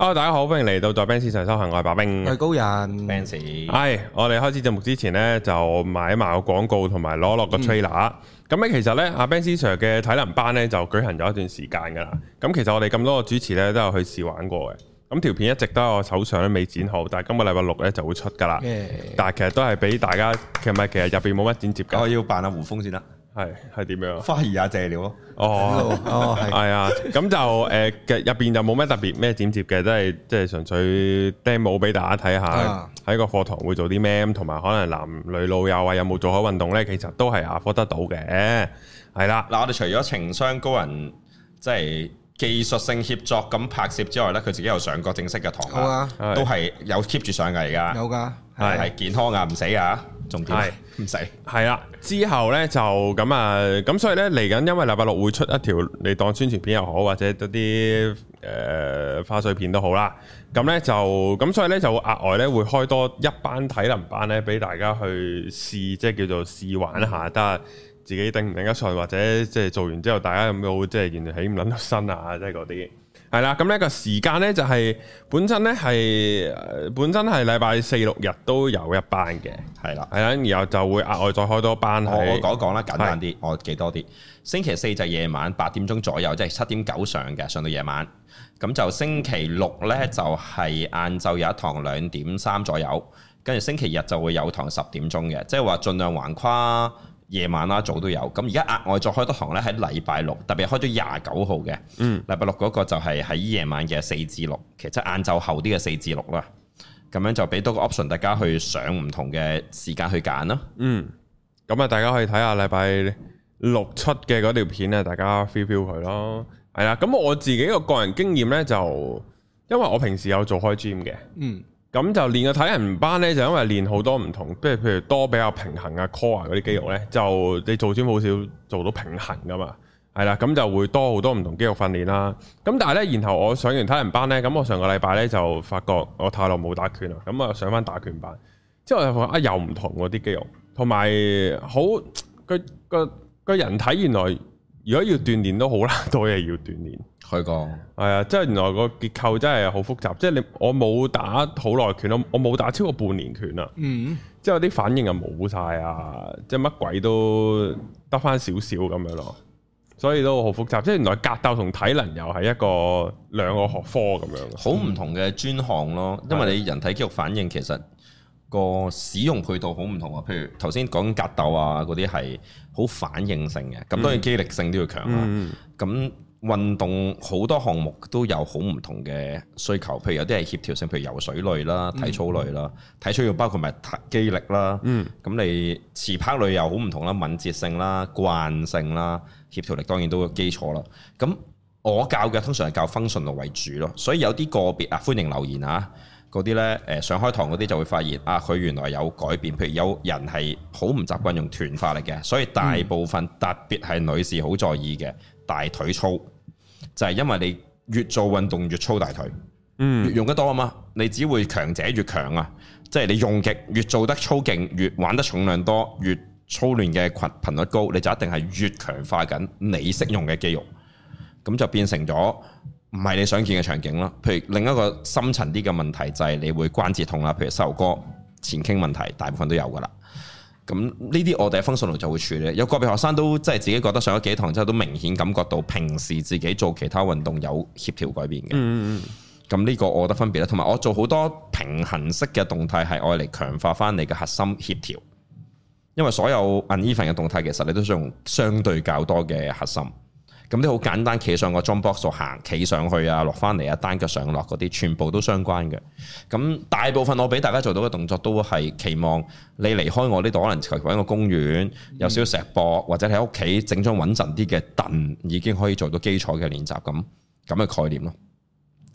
Hello 大家好，歡迎嚟到在 Benz 上修行，我係白冰，係高人 Ben Sir 係 ans 我哋開始節目之前呢，就買埋個廣告同埋攞落個 trailer、嗯。咁咧，其實咧阿 Ben Sir 嘅體能班咧就舉行咗一段時間噶啦。咁其實我哋咁多個主持咧都有去試玩過嘅。咁條片一直都喺我手上都未剪好，但係今日禮拜六咧就會出噶啦。Yeah. 但係其實都係俾大家，其實其實入邊冇乜剪接噶。我要扮阿胡峰先啦。係係點樣？花兒啊謝了？咯、哦。哦 哦係係啊，咁就誒嘅入邊就冇咩特別咩剪接嘅，都係即係純粹 demo 俾大家睇下。喺個課堂會做啲咩？同埋可能男女老幼啊，有冇做好運動咧？其實都係阿科得到嘅。係啦，嗱、啊、我哋除咗情商高人，即、就、係、是、技術性協作咁拍攝之外咧，佢自己有上過正式嘅堂啊，啊都係有 keep 住上噶，而家有噶係健康啊，唔死啊！係唔使，係啦對用。之後咧就咁啊，咁所以咧嚟緊，因為禮拜六會出一條你當宣傳片又好，或者多啲誒花絮片都好啦。咁咧就咁，所以咧就額外咧會開多一班體能班咧，俾大家去試，即係叫做試玩一下，得自己頂唔頂得順，或者即係做完之後大家有冇即係原來起唔諗到身啊，即係嗰啲。係啦，咁呢個時間呢，就是，就係本身呢，係本身係禮拜四六日都有一班嘅，係啦了，係啦，然後就會額外再開多班。我我講一講啦，簡單啲，是我記多啲。星期四就夜晚八點鐘左右，即係七點九上嘅，上到夜晚。咁就星期六呢，就係晏晝有一堂兩點三左右，跟住星期日就會有堂十點鐘嘅，即係話盡量橫跨。夜晚啦，早都有。咁而家額外再開多堂咧，喺禮拜六，特別開咗廿九號嘅。嗯，禮拜六嗰個就係喺夜晚嘅四至六，其實晏晝後啲嘅四至六啦。咁樣就俾多個 option 大家去上唔同嘅時間去揀咯。嗯，咁啊，大家可以睇下禮拜六出嘅嗰條片咧，大家 feel feel 佢咯。係啦，咁我自己個個人經驗咧，就因為我平時有做開 gym 嘅。嗯。咁就練個體能班咧，就因為練好多唔同，即係譬如多比較平衡啊，core 嗰啲肌肉咧，就你做拳好少做到平衡噶嘛，係啦，咁就會多好多唔同肌肉訓練啦。咁但係咧，然後我上完體能班咧，咁我上個禮拜咧就發覺我太耐冇打拳啦，咁啊上翻打拳班，之後發覺、啊、又話啊又唔同喎啲肌肉，同埋好佢個個人體原來。如果要鍛煉都好啦，多嘢要鍛煉。去過，係啊，即係原來個結構真係好複雜。即係你我冇打好耐拳咯，我冇打超過半年拳啦。嗯，之後啲反應又冇晒啊，即係乜鬼都得翻少少咁樣咯。所以都好複雜。即係原來格鬥同體能又係一個兩個學科咁樣，好唔同嘅專項咯。因為你人體肌肉反應其實，個使用配套好唔同啊，譬如頭先講格鬥啊嗰啲係好反應性嘅，咁、嗯、當然肌力性都要強啦。咁、嗯、運動好多項目都有好唔同嘅需求，譬如有啲係協調性，譬如游水類啦、體操類啦，嗯、體操要包括埋肌力啦。咁、嗯、你持拍類又好唔同啦，敏捷性啦、慣性啦、協調力當然都有基礎啦。咁我教嘅通常係教功能為主咯，所以有啲個別啊歡迎留言啊！嗰啲咧，誒上開堂嗰啲就會發現，啊佢原來有改變。譬如有人係好唔習慣用團化力嘅，所以大部分、嗯、特別係女士好在意嘅大腿粗，就係、是、因為你越做運動越粗大腿，嗯，越用得多啊嘛，你只會強者越強啊，即、就、係、是、你用極越做得粗勁，越玩得重量多，越操練嘅頻頻率高，你就一定係越強化緊你識用嘅肌肉，咁就變成咗。唔係你想見嘅場景啦，譬如另一個深層啲嘅問題就係你會關節痛啦，譬如膝頭哥前傾問題，大部分都有噶啦。咁呢啲我哋喺分信路就會處理。有個別學生都即係自己覺得上咗幾堂之後都明顯感覺到平時自己做其他運動有協調改變嘅。嗯，咁呢個我覺得分別啦。同埋我做好多平衡式嘅動態係愛嚟強化翻你嘅核心協調，因為所有 uneven 嘅動態其實你都用相對較多嘅核心。咁啲好簡單，企上個 jump box 行，企上去啊，落翻嚟啊，單腳上落嗰啲，全部都相關嘅。咁大部分我俾大家做到嘅動作，都係期望你離開我呢度，可能求其揾個公園，有少少石礫，或者喺屋企整張穩陣啲嘅凳，已經可以做到基礎嘅練習。咁咁嘅概念咯。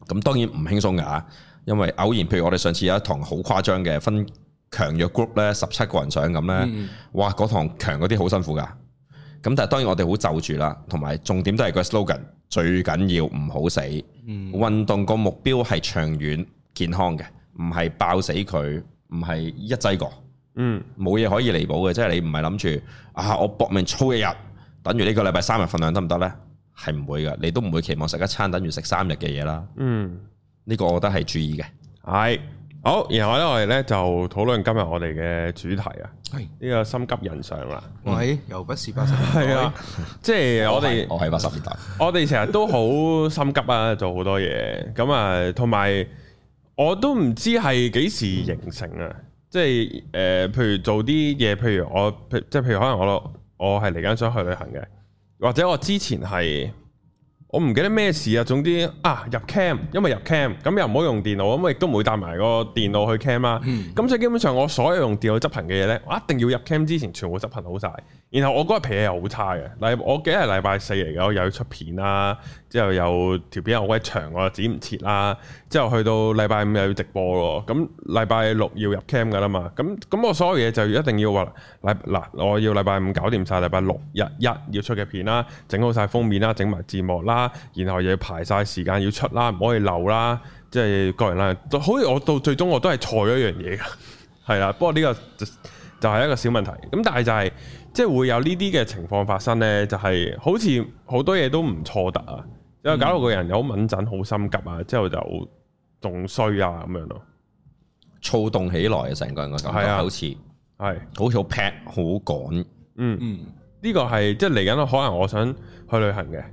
咁當然唔輕鬆㗎，因為偶然，譬如我哋上次有一堂好誇張嘅分強弱 group 咧，十七個人上咁咧，哇！嗰堂強嗰啲好辛苦㗎。咁但係當然我哋好就住啦，同埋重點都係個 slogan 最緊要唔好死，嗯、運動個目標係長遠健康嘅，唔係爆死佢，唔係一劑過，嗯，冇嘢可以彌補嘅，即係你唔係諗住啊，我搏命操一日等於呢個禮拜三日份量得唔得呢？係唔會噶，你都唔會期望食一餐等於食三日嘅嘢啦，嗯，呢個我覺得係注意嘅，係、嗯。好，然後咧，我哋咧就討論今日我哋嘅主題啊。係呢是個心急人上啦。喂、嗯，又不是八十。係啊，即係我哋。我係八十年代。啊、 我哋成日都好心急啊，做好多嘢。咁啊，同埋我都唔知係幾時形成啊。嗯、即係誒、呃，譬如做啲嘢，譬如我，即係譬如可能我我係嚟緊想去旅行嘅，或者我之前係。我唔記得咩事啊，總之啊入 cam，因為入 cam 咁又唔好用電腦，咁亦都唔會帶埋個電腦去 cam 啦。咁、嗯、所以基本上我所有用電腦執頻嘅嘢咧，我一定要入 cam 之前全部執頻好晒。然後我嗰日脾氣又好差嘅，嗱我記得係禮拜四嚟嘅，我又要出片啦，之後又條片又好鬼長，我又剪唔切啦，之後去到禮拜五又要直播咯，咁禮拜六要入 cam 㗎啦嘛，咁咁我所有嘢就一定要話，禮嗱我要禮拜五搞掂晒，禮拜六日一要出嘅片啦，整好晒封面啦，整埋字幕啦。然後又要排晒時間要出啦，唔可以漏啦，即係各人啦。好似我到最終我都係錯咗一樣嘢嘅，係啦。不過呢個就係一個小問題。咁但係就係、是、即係會有呢啲嘅情況發生咧，就係、是、好似好多嘢都唔錯得啊，之後搞到個人有好敏感、好心急啊，嗯、之後就仲衰啊咁樣咯，躁動起來啊，成個人嘅感覺好似係好嘈、劈好趕。嗯嗯，呢、嗯、個係即係嚟緊可能我想去旅行嘅。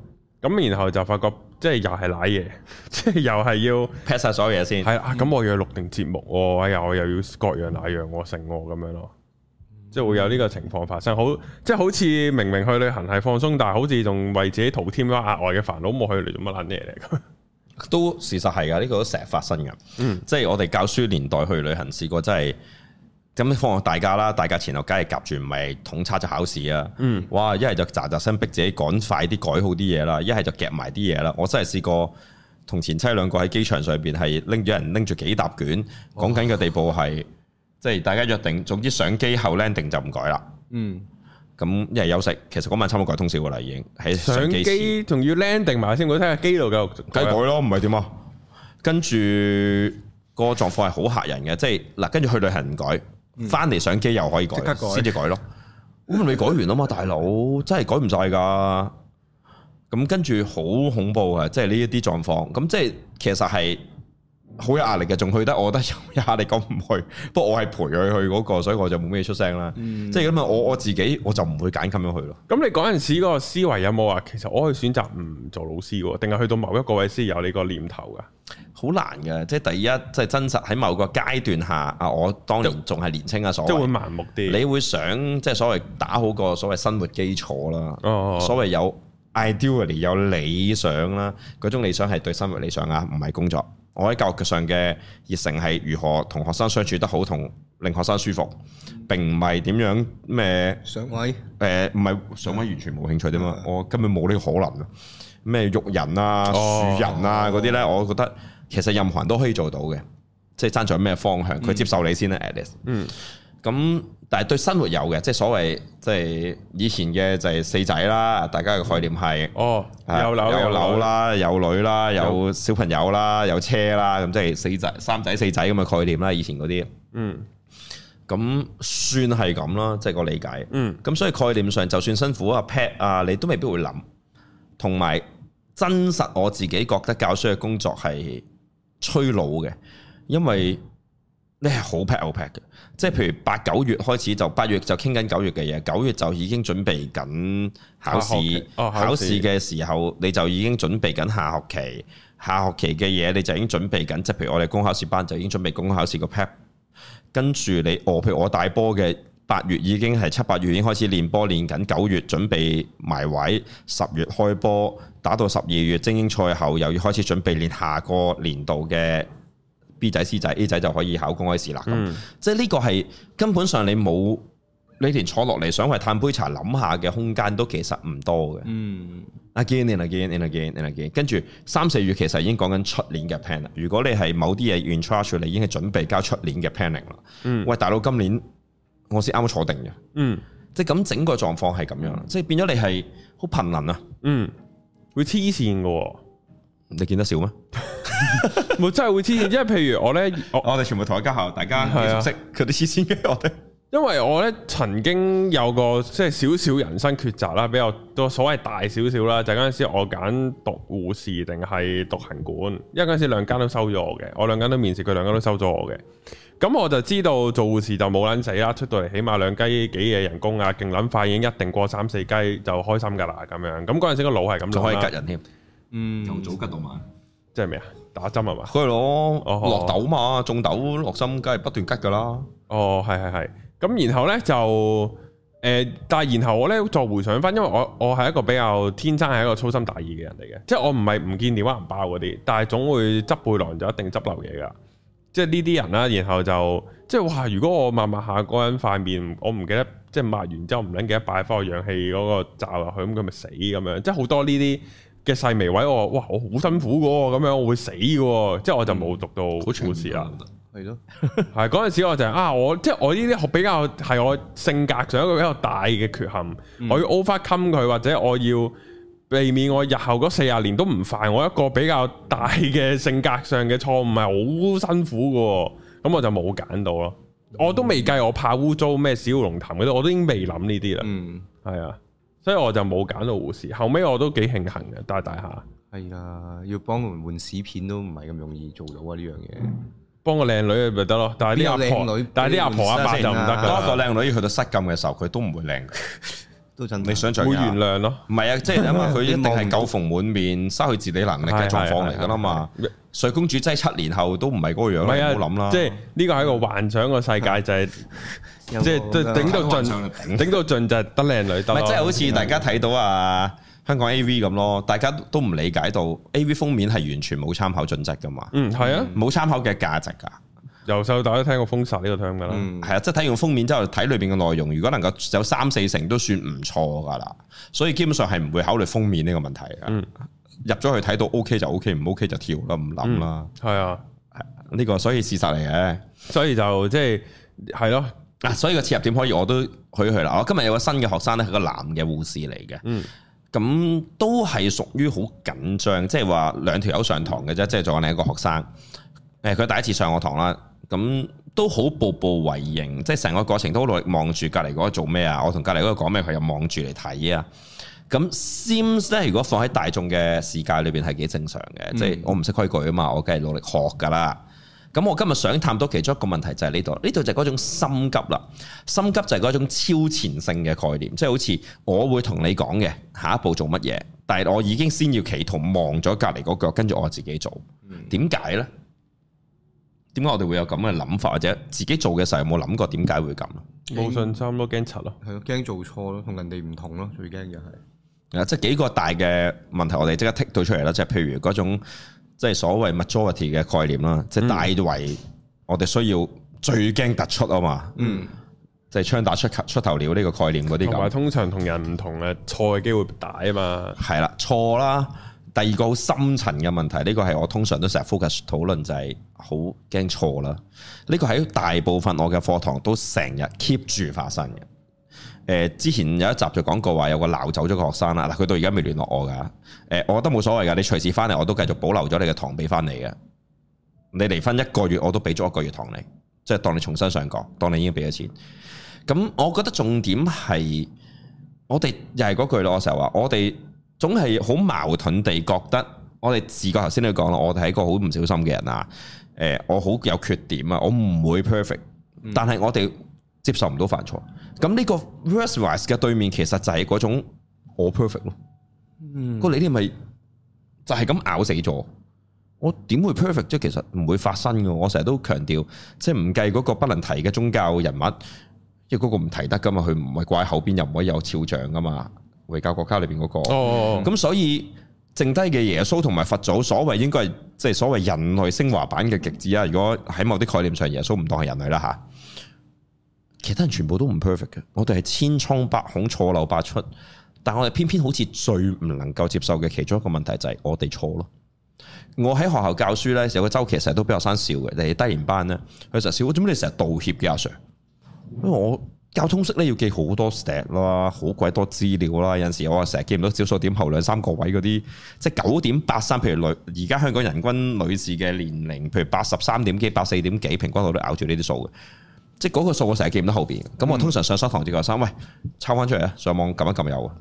咁然後就發覺，即係又係賴嘢，即係又係要劈晒所有嘢先。係啊，咁我要錄定節目喎，哎、哦、呀，我又要各樣賴樣，我成我咁樣咯，即係會有呢個情況發生。好，即係好似明明去旅行係放鬆，但係好似仲為自己塗添咗額外嘅煩惱，冇去嚟做乜撚嘢嚟。都事實係噶，呢、這個都成日發生噶。嗯，即係我哋教書年代去旅行試過真係。咁放大假啦，大假前後梗係夾住，唔係統測就考試啊！嗯，哇，一係就扎扎聲，逼自己趕快啲改好啲嘢啦，一係就夾埋啲嘢啦。我真係試過同前妻兩個喺機場上邊係拎咗人拎住幾沓卷，講緊嘅地步係即係大家約定，總之上機後 landing 就唔改啦。嗯，咁一係休息，其實嗰晚差唔多改通宵啦，已經喺上機仲要 landing 埋先，我聽下機度梗改咯，唔係點啊？跟住個狀況係好嚇人嘅，即係嗱，跟住去旅行唔改。翻嚟相機又可以改，先至改咯。咁未改， 改完啊嘛，大佬，真係改唔晒㗎。咁跟住好恐怖啊！即係呢一啲狀況，咁即係其實係。好有壓力嘅，仲去得，我覺得有壓力，咁唔去。不過我係陪佢去嗰個，所以我就冇咩出聲啦。嗯、即係咁啊！我我自己我就唔會揀咁樣去咯。咁你嗰陣時嗰個思維有冇話，其實我可以選擇唔做老師嘅，定係去到某一個位先有呢個念頭噶？好難噶，即係第一，即係真實喺某個階段下啊！我當年仲係年輕啊，就所即謂係會盲目啲。你會想即係所謂打好個所謂生活基礎啦，哦、所謂有 ideality 有理想啦，嗰種理想係對生活理想啊，唔係工作。我喺教育上嘅熱誠係如何同學生相處得好，同令學生舒服，並唔係點樣咩上位。誒、呃，唔係上位完全冇興趣啫嘛，我根本冇呢個可能。咩育人啊、樹人啊嗰啲咧，呢哦、我覺得其實任何人都可以做到嘅，即係爭取咩方向，佢接受你先咧，Alice。嗯。Alice 嗯咁，但係對生活有嘅，即係所謂，即係以前嘅就係四仔啦，大家嘅概念係哦，有樓有樓啦，有女啦，有小朋友啦，有，有車啦，咁即係四仔三仔四仔咁嘅概念啦，以前嗰啲。嗯，咁算係咁啦，即係個理解。嗯，咁所以概念上，就算辛苦啊 Pat 啊，你都未必會諗。同埋，真實我自己覺得教書嘅工作係催老嘅，因為、嗯。你係好 pack 好 pack 嘅，即係譬如八九月開始就八月就傾緊九月嘅嘢，九月就已經準備緊考試，哦、考試嘅時候你就已經準備緊下學期，下學期嘅嘢你就已經準備緊，即係譬如我哋公考試班就已經準備公考試個 pack。跟住你，哦，譬如我帶波嘅八月已經係七八月已經開始練波，練緊九月準備埋位，十月開波打到十二月精英賽後，又要開始準備練下個年度嘅。B 仔、C 仔、A 仔就可以考公開試啦。咁、嗯、即係呢個係根本上你冇，你連坐落嚟想話嘆杯茶、諗下嘅空間都其實唔多嘅。嗯，again and again and again and again。跟住三四月其實已經講緊出年嘅 plan 啦。如果你係某啲嘢 in charge, 你已經係準備交出年嘅 planning 啦。嗯，喂，大佬，今年我先啱啱坐定嘅。嗯，即係咁整個狀況係咁樣，即係變咗你係好頻能啊。嗯，會黐線嘅喎。你見得少咩？冇，真係會黐線，因為譬如我咧，我哋全部同一家校，大家好熟悉，佢哋黐線嘅我哋。因為我咧曾經有個即係少少人生抉擇啦，比較個所謂大少少啦，就嗰陣時我揀讀護士定係讀行管，因為嗰陣時兩間都收咗我嘅，我兩間都面試，佢兩間都收咗我嘅。咁我就知道做護士就冇捻死啦，出到嚟起碼兩雞幾嘢人工啊，勁捻快已經一定過三四雞就開心噶啦咁樣。咁嗰陣時個腦係咁樣。就可以吉人添。嗯，由早吉到晚，即係咩啊？打針係嘛？佢係攞落豆嘛，種豆落心梗係不斷吉噶啦。哦，係係係，咁然後咧就誒，但、呃、係然後我咧再回想翻，因為我我係一個比較天生係一個粗心大意嘅人嚟嘅，即係我唔係唔見電話唔爆嗰啲，但係總會執背囊就一定執漏嘢噶。即係呢啲人啦，然後就即係話，如果我抹抹下嗰個人塊面，我唔記得即係抹完之後唔撚記得擺返個氧氣嗰個罩落去，咁佢咪死咁樣？即係好多呢啲。嘅細微位，我話哇，我好辛苦噶喎，咁樣我會死噶喎，嗯、即係我就冇讀到好似冇事啦。係咯，係嗰陣時我就係啊，我即係我呢啲比較係我性格上一個比較大嘅缺陷，嗯、我要 overcome 佢，或者我要避免我日後嗰四十年都唔犯我一個比較大嘅性格上嘅錯誤，係好辛苦噶，咁、嗯、我就冇揀到咯。嗯、我都未計我怕污糟咩小龍潭嗰啲，我都已經未諗呢啲啦。嗯，係啊、嗯。所以我就冇揀到護士，後尾我都幾慶幸嘅。大大下係啊，要幫佢換屎片都唔係咁容易做到啊呢樣嘢，幫個靚女咪得咯，但係啲阿婆，但係啲阿婆阿伯就唔得噶，當一個靚女去到失禁嘅時候，佢都唔會靚，你想象會原諒咯，唔係啊，即係因為佢一定係狗逢滿面、失去自理能力嘅狀況嚟噶啦嘛，睡公主真係七年後都唔係嗰個樣啦，唔好諗啦，即係呢個係一個幻想嘅世界就係。即係頂到盡，頂到盡就係得靚女。唔係，即係好似大家睇到啊，香港 A.V. 咁咯，大家都唔理解到 A.V. 封面係完全冇參考準則噶嘛？嗯，係啊，冇參考嘅價值噶。由細到大都聽過封殺呢個聽噶啦，係啊，即係睇完封面之後睇裏邊嘅內容，如果能夠有三四成都算唔錯噶啦，所以基本上係唔會考慮封面呢個問題嘅。嗯，入咗去睇到 O.K. 就 O.K.，唔 O.K. 就跳啦，唔諗啦。係啊，呢個所以事實嚟嘅，所以就即係係咯。嗱、啊，所以個切入點可以，我都去咗去啦。我今日有個新嘅學生咧，係個男嘅護士嚟嘅。嗯，咁都係屬於好緊張，即係話兩條友上堂嘅啫。即係仲有另一個學生，誒，佢第一次上我堂啦，咁都好步步為營，即係成個過程都好努力望住隔離嗰個做咩啊，我同隔離嗰個講咩，佢又望住嚟睇啊。咁 seems 咧，如果放喺大眾嘅世界裏邊係幾正常嘅，嗯、即係我唔識規矩啊嘛，我梗係努力學噶啦。咁我今日想探到其中一個問題就係呢度，呢度就係嗰種心急啦，心急就係嗰種超前性嘅概念，即係好似我會同你講嘅下一步做乜嘢，但係我已經先要企禱圖望咗隔離嗰腳，跟住我自己做，點解呢？點解我哋會有咁嘅諗法或者自己做嘅時候有冇諗過點解會咁？冇信心咯，驚錯咯，係咯，驚做錯咯，同人哋唔同咯，最驚嘅係即係幾個大嘅問題，我哋即刻剔到出嚟啦，即係譬如嗰種。即係所謂 majority 嘅概念啦，嗯、即係大圍我哋需要最驚突出啊嘛，嗯，即係槍打出出頭鳥呢個概念嗰啲咁。同埋通常人同人唔同啊，錯嘅機會大啊嘛。係啦，錯啦。第二個好深層嘅問題，呢、呢個係我通常都成日 focus 討論就係好驚錯啦。呢、呢個喺大部分我嘅課堂都成日 keep 住發生嘅。之前有一集就講過話有個鬧走咗個學生啦，嗱佢到而家未聯絡我噶。我覺得冇所謂噶，你隨時翻嚟，我都繼續保留咗你嘅堂俾翻你嘅。你離婚一個月，我都俾咗一個月堂你，即係當你重新上過，當你已經俾咗錢。咁我覺得重點係，我哋又係嗰句咯，我成日話我哋總係好矛盾地覺得，我哋自覺頭先都講咯，我哋係一個好唔小心嘅人啊。誒，我好有缺點啊，我唔會 perfect，、嗯、但係我哋。接受唔到犯錯，咁呢個 reverse 嘅對面其實就係嗰種我 perfect 咯，個理、嗯、念咪就係咁咬死咗，我點會 perfect 即其實唔會發生噶。我成日都強調，即係唔計嗰個不能提嘅宗教人物，即係嗰個唔提得噶嘛，佢唔係掛後邊又唔可以有肖像噶嘛，回教國家裏邊嗰個。哦，咁所以剩低嘅耶穌同埋佛祖，所謂應該係即係所謂人類升華版嘅極致啊！如果喺某啲概念上，耶穌唔當係人類啦吓。其他人全部都唔 perfect 嘅，我哋係千瘡百孔、錯漏百出，但我哋偏偏好似最唔能夠接受嘅其中一個問題就係我哋錯咯。我喺學校教書呢，有個周期成日都俾學生笑嘅，低笑你低年班呢，佢成日笑我，做咩你成日道歉嘅阿、啊、Sir？因為我教通識呢要記好多 step 啦，好鬼多資料啦，有陣時我啊成日記唔到小數點後兩三個位嗰啲，即係九點八三，譬如女而家香港人均女士嘅年齡，譬如八十三點幾、八四點幾，平均我都咬住呢啲數嘅。即係嗰個數我成日記唔到後邊，咁我通常上收堂之後，三喂抄翻出嚟啊，上網撳一撳有啊，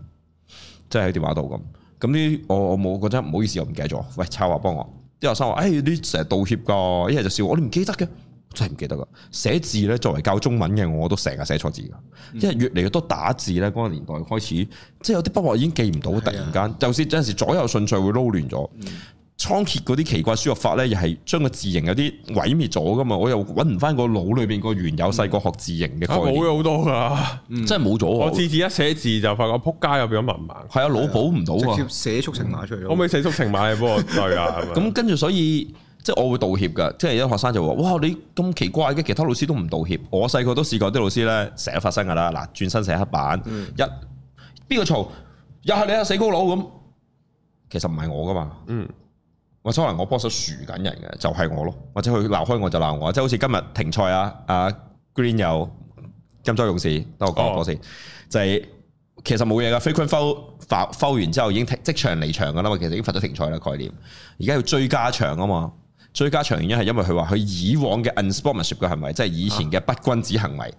即係喺電話度咁。咁呢，我我冇覺得，唔好意思，我唔記得咗。喂，抄下幫我。之後生話，哎，你成日道歉噶，一係就笑我，你唔記得嘅，真係唔記得噶。寫字咧，作為教中文嘅，我都成日寫錯字噶。因為越嚟越多打字咧，嗰個年代開始，即係有啲筆畫已經記唔到，突然間，的就算有陣時左右順序會撈亂咗。嗯倉頡嗰啲奇怪輸入法咧，又係將個字形有啲毀滅咗噶嘛？我又揾唔翻個腦裏邊個原有細個學字形嘅。冇咗好多噶，真係冇咗。我次次一寫字就發覺撲街入邊有文盲。係啊，腦補唔到啊，直接寫速成碼出嚟。可唔可以寫速成碼嚟幫我對啊？咁跟住所以即係我會道歉噶。即係有啲學生就話，哇，你咁奇怪嘅，其他老師都唔道歉。我細個都試過啲老師咧，成日發生噶啦。嗱，轉身寫黑板，一邊個嘈又係你啊，死高佬咁。其實唔係我噶嘛。嗯。或者可能我初嚟我幫手樹緊人嘅，就係、是、我咯。或者佢鬧開我就鬧我，即係好似今日停賽啊！啊 Green 又金州勇士，等我講多先。哦、就係、是、其實冇嘢噶，Frequent foul foul 完之後已經即場離場噶啦嘛，其實已經罰咗停賽啦概念。而家要追加場啊嘛，追加場原因係因為佢話佢以往嘅 unsportsmanship 嘅行為，即係以前嘅不君子行為，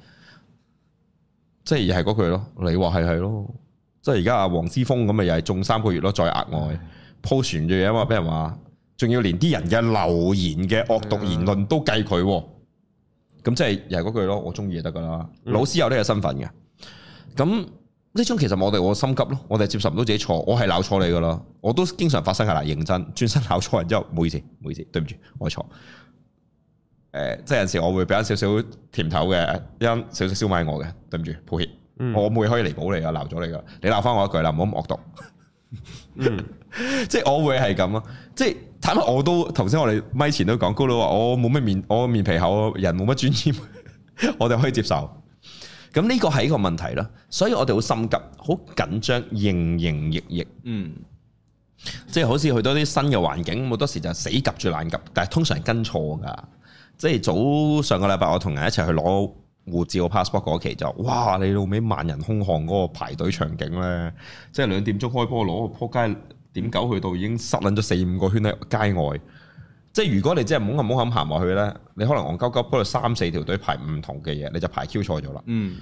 即係而係嗰句咯。你話係係咯，即係而家阿黃之峰咁咪又係中三個月咯，再額外鋪船嘅嘢啊嘛，俾、嗯、人話。仲要連啲人嘅留言嘅惡毒言論都計佢、哦，咁即係又係嗰句咯。我中意就得噶啦。嗯、老師有呢個身份嘅，咁呢種其實我哋我心急咯，我哋接受唔到自己錯，我係鬧錯你噶啦。我都經常發生噶啦，認真轉身鬧錯人之後，唔好意思，唔好意思，對唔住，我錯。誒、呃，即係有時我會俾翻少少甜頭嘅，一少少燒賣我嘅，對唔住，抱歉。嗯、我會可以彌補你啊，鬧咗你噶，你鬧翻我一句啦，唔好咁惡毒。嗯、 即係我會係咁咯，即係。睇埋我都，頭先我哋咪前都講，高佬話我冇乜面，我面皮厚，人冇乜尊嚴，我哋可以接受。咁呢個係一個問題啦，所以我哋好心急，好緊張，營營役役，嗯，即係好似去到啲新嘅環境，好多時就死急住爛急，但係通常跟錯㗎。即係早上個禮拜，我同人一齊去攞護照 passport 嗰、那個、期就，哇！你老尾萬人空巷嗰個排隊場景咧，即係兩點鐘開波攞個仆街。點九去到已經塞撚咗四五個圈喺街外，即係如果你真係懵下懵咁行落去咧，你可能戇鳩鳩不過三四條隊排唔同嘅嘢，你就排 Q 錯咗啦。嗯，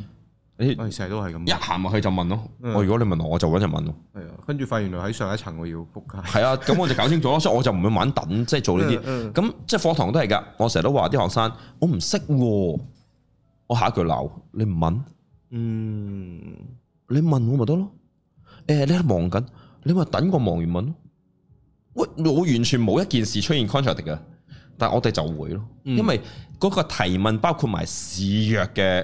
誒、成日都係咁，一行落去就問咯。我、嗯、如果你問我問，我就揾人問咯。係啊，跟住發現原來喺上一層我要 book，撲街。係啊，咁我就搞清楚啦， 所以我就唔會玩等，即係嗯、即係做呢啲。咁即係課堂都係㗎，我成日都話啲學生我唔識，我下一句鬧你唔問，嗯，你問我咪得咯。誒、欸，你喺度望緊。欸你話等個忙完問咯，我我完全冇一件事出現 contract 啊，但係我哋就會咯，因為嗰個提問包括埋示弱嘅，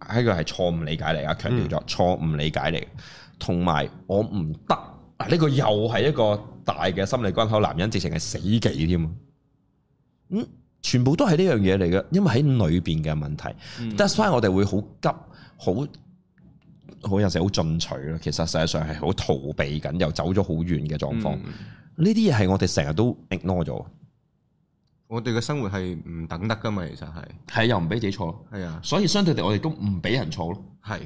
呢個係錯誤理解嚟噶，強調咗錯誤理解嚟，同埋我唔得，嗱、啊、呢、呢個又係一個大嘅心理關口，男人直情係死忌添，嗯，全部都係呢樣嘢嚟嘅，因為喺裏邊嘅問題，但係所以我哋會好急好。好有時好進取咯，其實實際上係好逃避緊，又走咗好遠嘅狀況。呢啲嘢係我哋成日都 ignore 咗。我哋嘅生活係唔等得噶嘛，其實係係又唔俾自己坐，係啊的，所以相對地我哋都唔俾人坐咯。係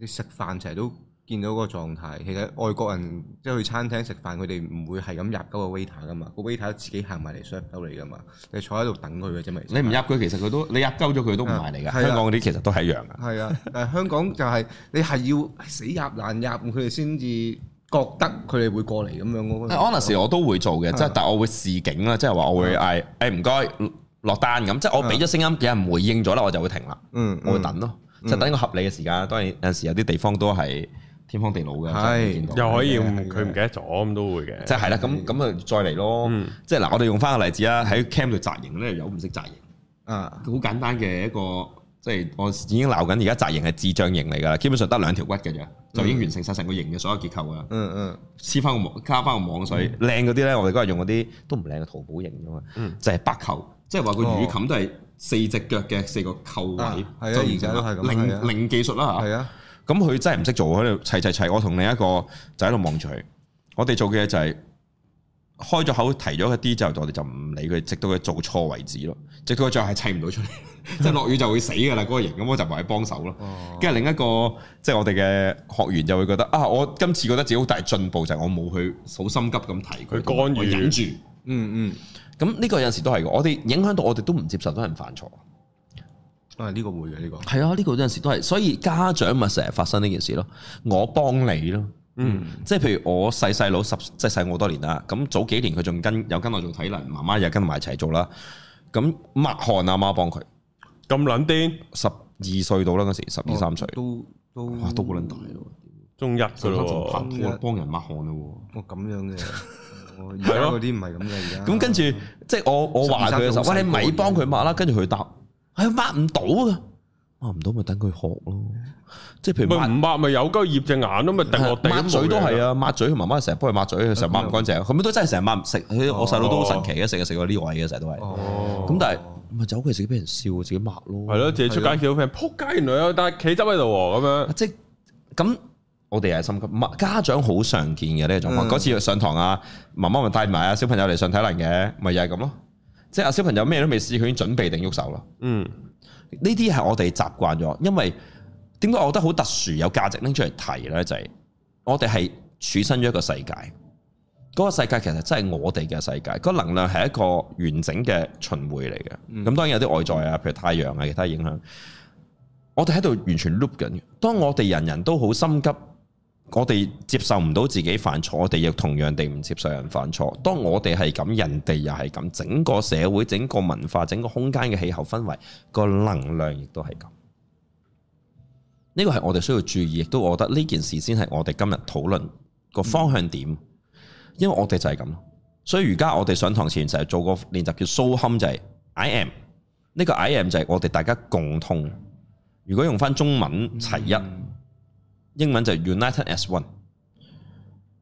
啲食飯成日都。見到嗰個狀態，其實外國人即係、就是、去餐廳食飯，佢哋唔會係咁入鳩個 waiter 㗎嘛，個 waiter 自己行埋嚟 serve 鳩你㗎嘛，你坐喺度等佢嘅啫嘛。你唔入佢，其實佢都你入鳩咗佢都唔嚟㗎。的香港嗰啲其實都係一樣嘅。係啊， 但係香港就係、是、你係要死入難入，佢哋先至覺得佢哋會過嚟咁樣咯。可能、那個、我都會做嘅，即係的但係我會示警啦，即係話我會嗌誒唔該落單咁，即係的我俾咗聲音，幾人回應咗啦，我就會停啦。嗯，我的等咯，即係等個合理嘅時間。當然有時有啲地方都係。天荒地老嘅，又可以佢唔記得咗咁都會嘅，即係啦咁咁啊再嚟咯，即係嗱我哋用翻個例子啦，喺 cam 度紮營咧有唔識紮營，好簡單嘅一個，即係我已經鬧緊而家紮營係智障營嚟㗎啦，基本上得兩條骨嘅啫，就已經完成晒成個營嘅所有結構啦。嗯嗯，黐翻個網加翻個網，所以靚嗰啲咧我哋都係用嗰啲都唔靚嘅淘寶營啫嘛，就係八球，即係話個雨冚都係四隻腳嘅四個扣位，就而家都係咁零零技術啦吓啊。咁佢真係唔識做喺度砌砌砌，我同另一個就喺度望住佢。我哋做嘅嘢就係、是、開咗口提咗一啲之後，我哋就唔理佢，直到佢做錯為止咯。直到佢最後係砌唔到出嚟，即係落雨就會死噶啦嗰個型。咁我就埋去幫手咯。跟住、啊、另一個即係、就是、我哋嘅學員就會覺得啊，我今次覺得自己好大進步，就係我冇去好心急咁提佢，干預，我忍住。嗯嗯。咁、嗯、呢個有陣時都係，我哋影響到我哋都唔接受到人犯錯。啊！呢個會嘅呢個係啊！呢個有陣時都係，所以家長咪成日發生呢件事咯。我幫你咯，嗯，即係譬如我細細佬十即係細我多年啦。咁早幾年佢仲跟有跟我做體能，媽媽又跟埋一齊做啦。咁抹汗，阿媽幫佢咁撚癲，十二歲到啦嗰時，十二三歲都都哇都好撚大咯，中一嘅咯，幫人抹汗啦喎，咁樣嘅，而家嗰啲唔係咁嘅，而家咁跟住即係我我話佢嘅時候，喂你咪幫佢抹啦，跟住佢答。係抹唔到嘅，抹唔到咪等佢學咯，即係譬如唔抹咪有鳩葉隻眼咯，咪定落定。抹嘴都係啊，抹嘴，媽媽抹嘴，媽媽成日幫佢抹嘴，佢成日抹唔乾淨，咁樣都真係成日抹唔食。我細佬都好神奇嘅，食啊食到呢位嘅，成日都係。咁、oh. 但係咪走佢自己俾人笑，自己抹咯。係咯、嗯，自己出街叫 friend 撲街嚟咯，但係企執喺度咁樣。即係咁，我哋係心急，家長好常見嘅呢個狀況。嗰次上堂啊，媽媽咪帶埋啊小朋友嚟上體能嘅，咪又係咁咯。即係小朋友咩都未試，佢已經準備定喐手咯。嗯，呢啲係我哋習慣咗，因為點解我覺得好特殊有價值拎出嚟提呢？就係、是、我哋係處身於一個世界，嗰、個世界其實真係我哋嘅世界，個能量係一個完整嘅循環嚟嘅。咁、嗯、當然有啲外在啊，譬如太陽啊，其他影響。我哋喺度完全 loop 緊，當我哋人人都好心急。我哋接受唔到自己犯錯，我哋亦同樣地唔接受人犯錯。當我哋係咁，人哋又係咁，整個社會、整個文化、整個空間嘅氣候氛圍個能量亦都係咁。呢、這個係我哋需要注意，亦都我覺得呢件事先係我哋今日討論個方向點。嗯、因為我哋就係咁，所以而家我哋上堂前就係做個練習叫，叫 So Hum 就係、是、I am 呢、這個 I am 就係我哋大家共通。如果用翻中文，齊一。嗯英文就係 United as one，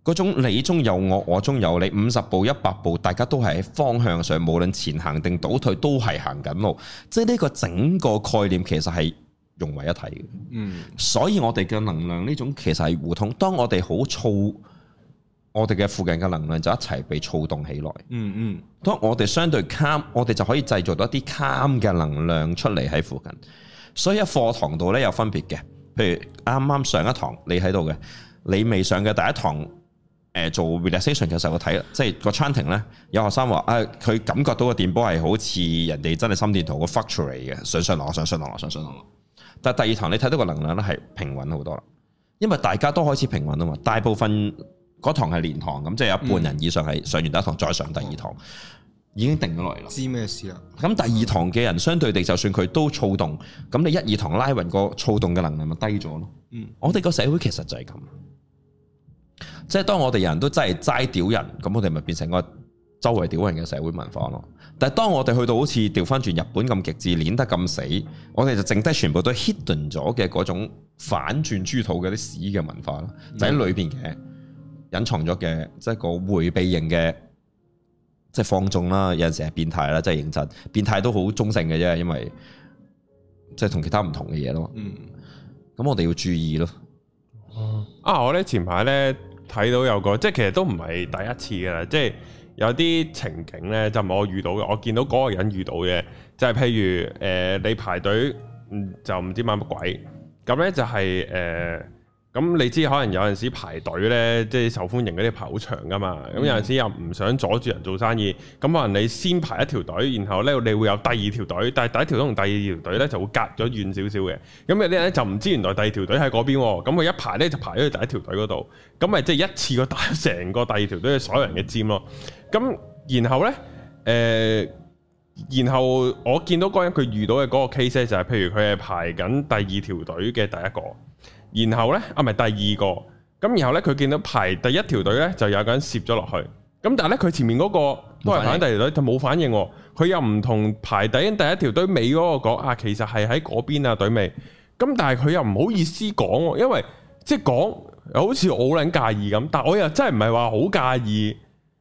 嗰種你中有我，我中有你，五十步一百步，大家都係喺方向上，無論前行定倒退，都係行緊路。即係呢個整個概念其實係融為一體嘅。嗯，所以我哋嘅能量呢種其實係互通。當我哋好躁，我哋嘅附近嘅能量就一齊被躁動起來。嗯嗯。當我哋相對 calm，我哋就可以製造到一啲 calm 嘅能量出嚟喺附近。所以喺課堂度咧有分別嘅。譬如啱啱上一堂你喺度嘅，你未上嘅第一堂，誒、呃、做 relaxation 嘅時候我睇，即係個 chanting 咧，有學生話誒，佢、呃、感覺到個電波係好似人哋真係心電圖個 fluctuate 嘅，上上落，上上落，上上落。但係第二堂你睇到個能量咧係平穩好多啦，因為大家都開始平穩啊嘛，大部分嗰堂係連堂咁，即係有一半人以上係上完第一堂再上第二堂。嗯嗯。已經定咗落嚟啦。知咩事啦？咁第二堂嘅人相對地，就算佢都躁動，咁你一二堂拉勻，個躁動嘅能力咪低咗咯？嗯，我哋個社會其實就係咁，即係當我哋人都真係齋屌人，咁我哋咪變成個周圍屌人嘅社會文化咯。但係當我哋去到好似調翻轉日本咁極致，碾、嗯、得咁死，我哋就剩低全部都 hidden 咗嘅嗰種反轉豬肚嘅啲屎嘅文化咯，喺、嗯、裏邊嘅隱藏咗嘅，即、就、係、是、個回避型嘅。即係放縱啦，有陣時係變態啦，即係認真變態都好中性嘅啫，因為即係同其他唔同嘅嘢咯。咁、嗯、我哋要注意咯。啊，我咧前排咧睇到有個，即係其實都唔係第一次噶啦，即係有啲情景咧就唔係我遇到嘅，我見到嗰個人遇到嘅就係、是、譬如誒、呃、你排隊就唔知買乜鬼咁咧，就係誒。咁你知可能有陣時排隊呢，即係受歡迎嗰啲排好長噶嘛。咁有陣時又唔想阻住人做生意，咁可能你先排一條隊，然後呢，你會有第二條隊，但係第一條同第二條隊呢，就會隔咗遠少少嘅。咁有啲人就唔知原來第二條隊喺嗰邊喎，咁佢一排呢，就排咗第一條隊嗰度，咁咪即係一次過打成個第二條隊嘅所有人嘅尖咯。咁然後呢，誒，然後我見到嗰一佢遇到嘅嗰個 case 就係，譬如佢係排緊第二條隊嘅第一個。然後呢，啊咪第二個，咁然後呢，佢見到排第一條隊呢，就有個人攝咗落去。咁但係呢，佢前面嗰、那個都係排緊第二條隊，就冇反應、哦。佢又唔同排第第一條隊尾嗰、那個講啊，其實係喺嗰邊啊隊尾。咁但係佢又唔好意思講、哦，因為即係講好似我好撚介意咁，但我又真係唔係話好介意。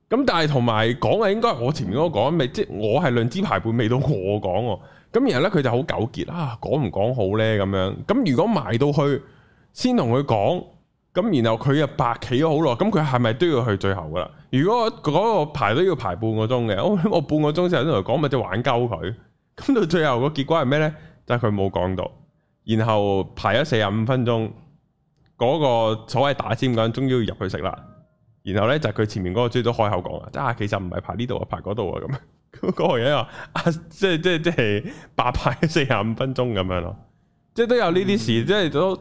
咁但係同埋講嘅應該我前面嗰個講未，即係我係輪支排半未到我講、哦。咁然後呢，佢就好糾結啊，講唔講好呢？咁樣？咁如果埋到去，先同佢講，咁然後佢又白企咗好耐，咁佢係咪都要去最後噶啦？如果嗰個排都要排半個鐘嘅，我、哦、我半個鐘先同佢講，咪即玩鳩佢。咁到最後個結果係咩呢？就係佢冇講到，然後排咗四十五分鐘，嗰、那個所謂打尖咁，終於要入去食啦。然後呢，就佢、是、前面嗰個最多開口講啊、那個、啊，即係其實唔係排呢度啊，排嗰度啊咁。嗰個人又即係即係即係白排四十五分鐘咁樣咯，即係都有呢啲事，嗯、即係都。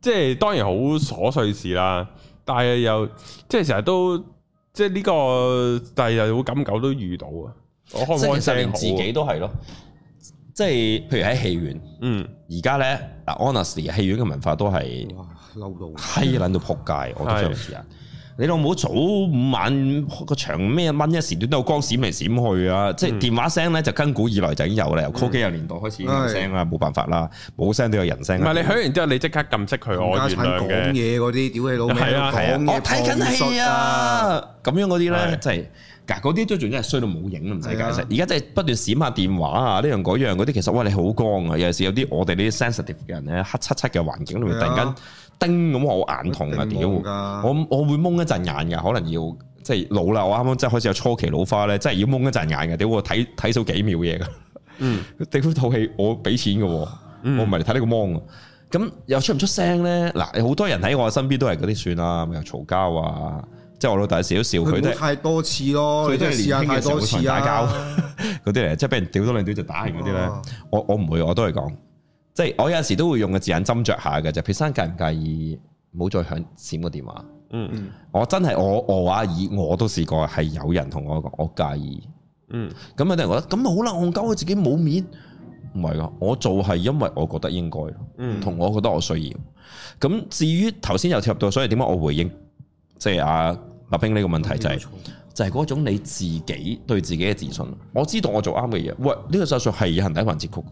即係當然好瑣碎事啦，但係又即係成日都即係呢、這個，但係又會咁久都遇到啊！即係其實連自己都係咯，即係譬如喺戲院，嗯，而家咧嗱，honestly 戲院嘅文化都係哇，嬲到係撚到撲街，我都相信。你老母早五晚個場咩蚊一時段都有光閃嚟閃去啊！嗯、即係電話聲咧就跟古以來就已經有啦，由 call 機嘅年代開始有聲啊，冇辦對 法啦，冇聲都有人聲。唔係你響完之後你，你即刻撳熄佢，我講嘢啲屌你老母，而家睇緊戲啊！咁樣嗰啲咧，即係嗰啲都仲真係衰到冇影，唔使解釋。而家真係不斷閃下電話啊，呢樣嗰樣嗰啲，其實哇你好光啊！尤其是有時有啲我哋呢啲 sensitive 嘅人咧，黑漆漆嘅環境裏面突然間。叮，咁我眼痛啊！屌，我我會蒙一陣眼噶，可能要即係老啦。我啱啱即係開始有初期老花咧，即係要蒙一陣眼噶。屌，嗯、我睇睇數幾秒嘢噶。嗯，套戲我俾錢噶，我唔係嚟睇呢個蒙噶。咁又出唔出聲咧？嗱，好多人喺我身邊都係嗰啲算啦，咪又嘈交啊！即係我老豆笑一笑佢都太多次咯，佢、就是、都係年輕嘅時候太多次打交嗰啲嚟， 即係俾人屌多兩屌就打人嗰啲咧。啊、我我唔會，我都係講。即係我有陣時都會用個字眼斟酌下嘅就皮生介唔介意冇再響閃個電話？嗯嗯，我真係我我話以我都試過係有人同我講我介意，嗯，咁有啲人覺得咁好啦，我搞我自己冇面，唔係咯，我做係因為我覺得應該，嗯，同我覺得我需要。咁至於頭先又切入到，所以點解我回應即係、就是、阿立冰呢個問題就係、是、就係、是、嗰種你自己對自己嘅自信。我知道我做啱嘅嘢，喂，呢、這個事實係以行第一環節曲。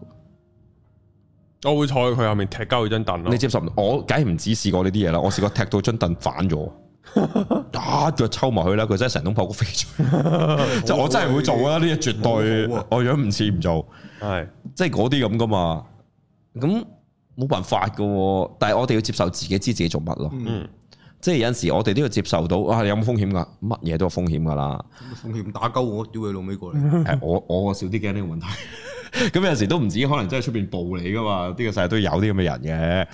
我會坐佢下面踢交佢張凳咯。你接受唔到？我梗係唔止試過呢啲嘢啦，我試過踢到張凳反咗，打腳抽埋去啦！佢真係成桶破骨飛出， 啊、就我真係會做啦！呢啲絕對，啊、我樣唔似唔做，係即係嗰啲咁噶嘛。咁冇辦法噶，但係我哋要接受自己知自己做乜咯。嗯，即係有陣時我哋都要接受到啊！你有冇風險噶？乜嘢都有風險噶啦，風險打鳩我屌佢老尾過嚟。係我我少啲驚呢個問題。咁有時都唔止，可能真係出邊暴你噶嘛？呢個世界都有啲咁嘅人嘅。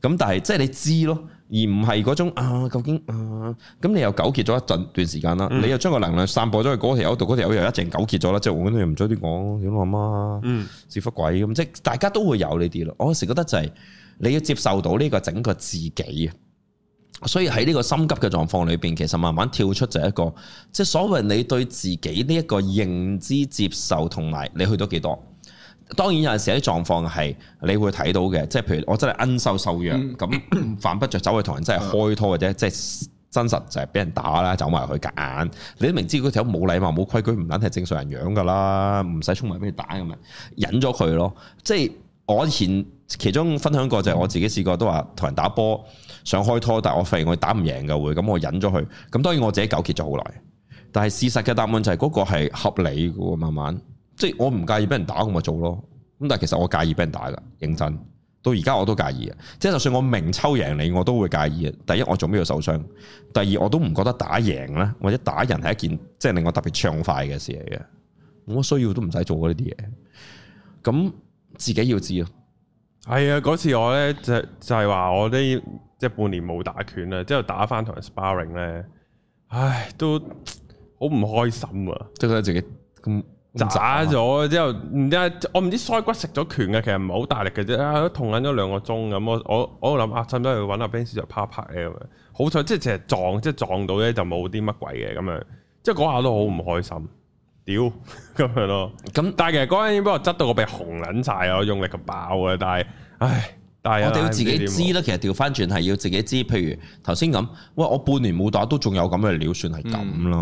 咁但係即係你知咯，而唔係嗰種啊，究竟啊，咁你又糾結咗一陣段時間啦，嗯、你又將個能量散播咗去嗰條友度，嗰條友又一陣糾結咗啦。即係我嗰啲人唔準點講，點諗吖，嗯，是忽鬼咁，即係大家都會有呢啲咯。我有時覺得就係你要接受到呢個整個自己啊。所以喺呢個心急嘅狀況裏邊，其實慢慢跳出就係一個即係所謂你對自己呢一個認知接受同埋你去到幾多。當然有時啲狀況係你會睇到嘅，即係譬如我真係恩秀瘦弱，咁犯、嗯、不着走去同人真係開拖嘅啫，即係、嗯、真實就係俾人打啦，走埋去夾硬。你都明知嗰條冇禮貌、冇規矩、唔撚係正常人樣噶啦，唔使衝埋俾佢打咁咪，忍咗佢咯。即係我以前其中分享過就係我自己試過都話同人打波想開拖，但係我發現我打唔贏嘅會，咁我忍咗佢。咁當然我自己糾結咗好耐，但係事實嘅答案就係嗰個係合理喎，慢慢。即係我唔介意俾人打，咁咪做咯。咁但係其實我介意俾人打噶，認真到而家我都介意啊。即係就算我明抽贏你，我都會介意啊。第一，我做咩要受傷？第二，我都唔覺得打贏咧，或者打人係一件即係令我特別暢快嘅事嚟嘅。冇乜需要都唔使做呢啲嘢。咁自己要知啊。係啊，嗰次我咧就就係、是、話我呢即係半年冇打拳啦，之後打翻同人 sparring 咧，唉，都好唔開心啊。即係覺得自己咁。砸咗之後，唔知我唔知腮骨食咗拳嘅，其實唔係好大力嘅啫、啊，痛緊咗兩個鐘咁。我我我諗啊，使唔使去揾阿 Benz 就啪啪拍咧？好彩即係其實撞即係撞到咧就冇啲乜鬼嘅咁樣，即係嗰下都好唔開心，屌咁樣咯。咁但係其實嗰陣已經幫我執到個鼻紅撚曬，我用力咁爆啊！但係唉，但我哋要，要自己知啦。其實調翻轉係要自己知，譬如頭先咁，喂，我半年冇打都仲有咁嘅料，算係咁啦。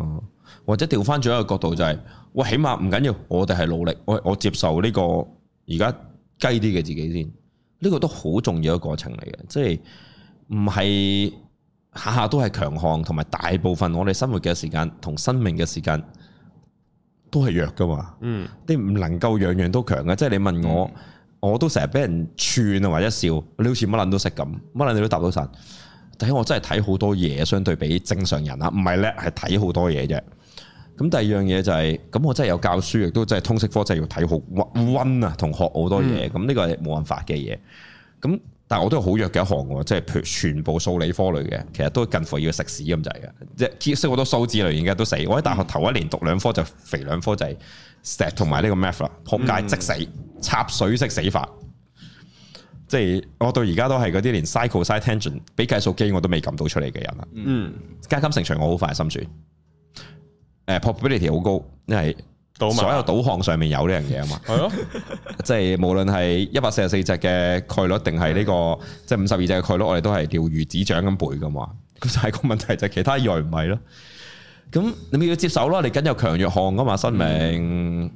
嗯、或者調翻轉一個角度就係、是。我起碼唔緊要，我哋係努力，我我接受呢個而家雞啲嘅自己先，呢個都好重要嘅過程嚟嘅。即係唔係下下都係強項，同埋大部分我哋生活嘅時間同生命嘅時間都係弱噶嘛，嗯，你唔能夠樣樣都強嘅，即係你問我，嗯、我都成日俾人串啊，或者笑，你好似乜捻都識咁，乜捻你都答到晒，但係我真係睇好多嘢，相對比正常人啊，唔係叻，係睇好多嘢啫。咁第二樣嘢就係，咁我真係有教書，亦都真係通識科，真係要睇好溫啊，同學好多嘢。咁呢個係冇辦法嘅嘢。咁，但係我都好弱嘅一項喎，即係全全部數理科類嘅，其實都近乎要食屎咁滯嘅，即係結識好多數字類型嘅都死。我喺大學頭一年讀兩科就肥兩科就 stat 同埋呢個 math 啦，仆街即死插水式死法。即係我到而家都係嗰啲連 sin cos tan 畀計數機我都未撳到出嚟嘅人啊！嗯，加減乘除我好快心算。誒 probability 好高，因為所有賭項上面有呢樣嘢啊嘛，係咯是的， 即係無論係一百四十四隻嘅概率定係呢個 即係五十二隻嘅概率，我哋都係瞭如指掌咁背㗎嘛，咁就係個問題就係其他樣唔係咯，咁你咪要接受咯，你緊要強弱項㗎嘛，生命，嗯、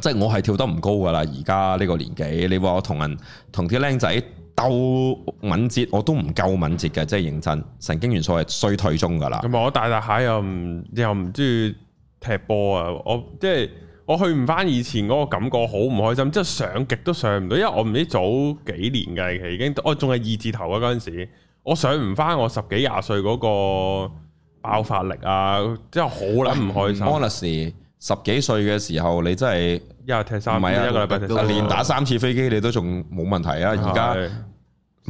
即係我係跳得唔高㗎喇，而家呢個年紀，你話我同人同啲僆仔。夠敏捷，我都唔夠敏捷嘅，即係認真。神經元素係衰退中噶啦。同埋我大，大下又唔又唔中意踢波啊！我即係我去唔翻以前嗰個感覺，好唔開心。即係上極都上唔到，因為我唔知早幾年嘅其實已經，我仲係二字頭啊嗰陣時，我上唔翻我十幾廿歲嗰個爆發力啊！即係好捻唔開心。Monacy 十幾歲嘅時候，你真係一日踢三、啊，米，一個禮拜連打三次飛機，你都仲冇問題啊！而家的。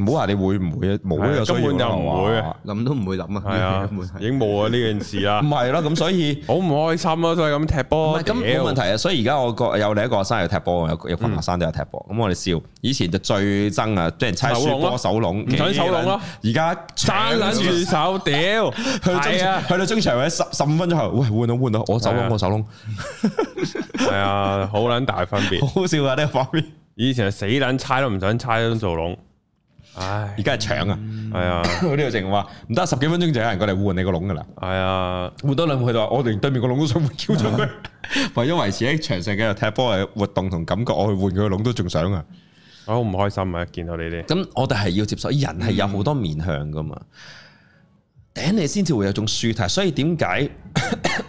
唔好話你會唔會啊，冇根本就唔會諗都唔會諗啊，係啊，已經冇啊呢件事啊，唔係咯，咁所以好唔開心咯，都係咁踢波，咁冇問題啊，所以而家我個有另一學生日踢波，有有群學生都有踢波，咁我哋笑以前就最憎啊，俾人猜我手籠，唔想手籠咯，而家生撚住手屌，係啊，去到中場位十十五分鐘後，喂換到換到，我手籠我手籠，係啊，好撚大分別，好笑啊呢方面，以前死撚猜都唔想猜做籠。唉，而家係搶啊！係啊呀，呢個情況唔得，十幾分鐘就有人過嚟換你個籠噶啦！係啊呀，換多兩佢就話我哋對面個籠都想換丟出去，呀 為咗維持喺場上嘅踢波嘅活動同感覺，我去換佢個籠都仲想啊！我好唔開心啊！見到你哋。咁我哋係要接受人係有好多面向噶嘛。嗯頂你先至會有種舒泰，所以點解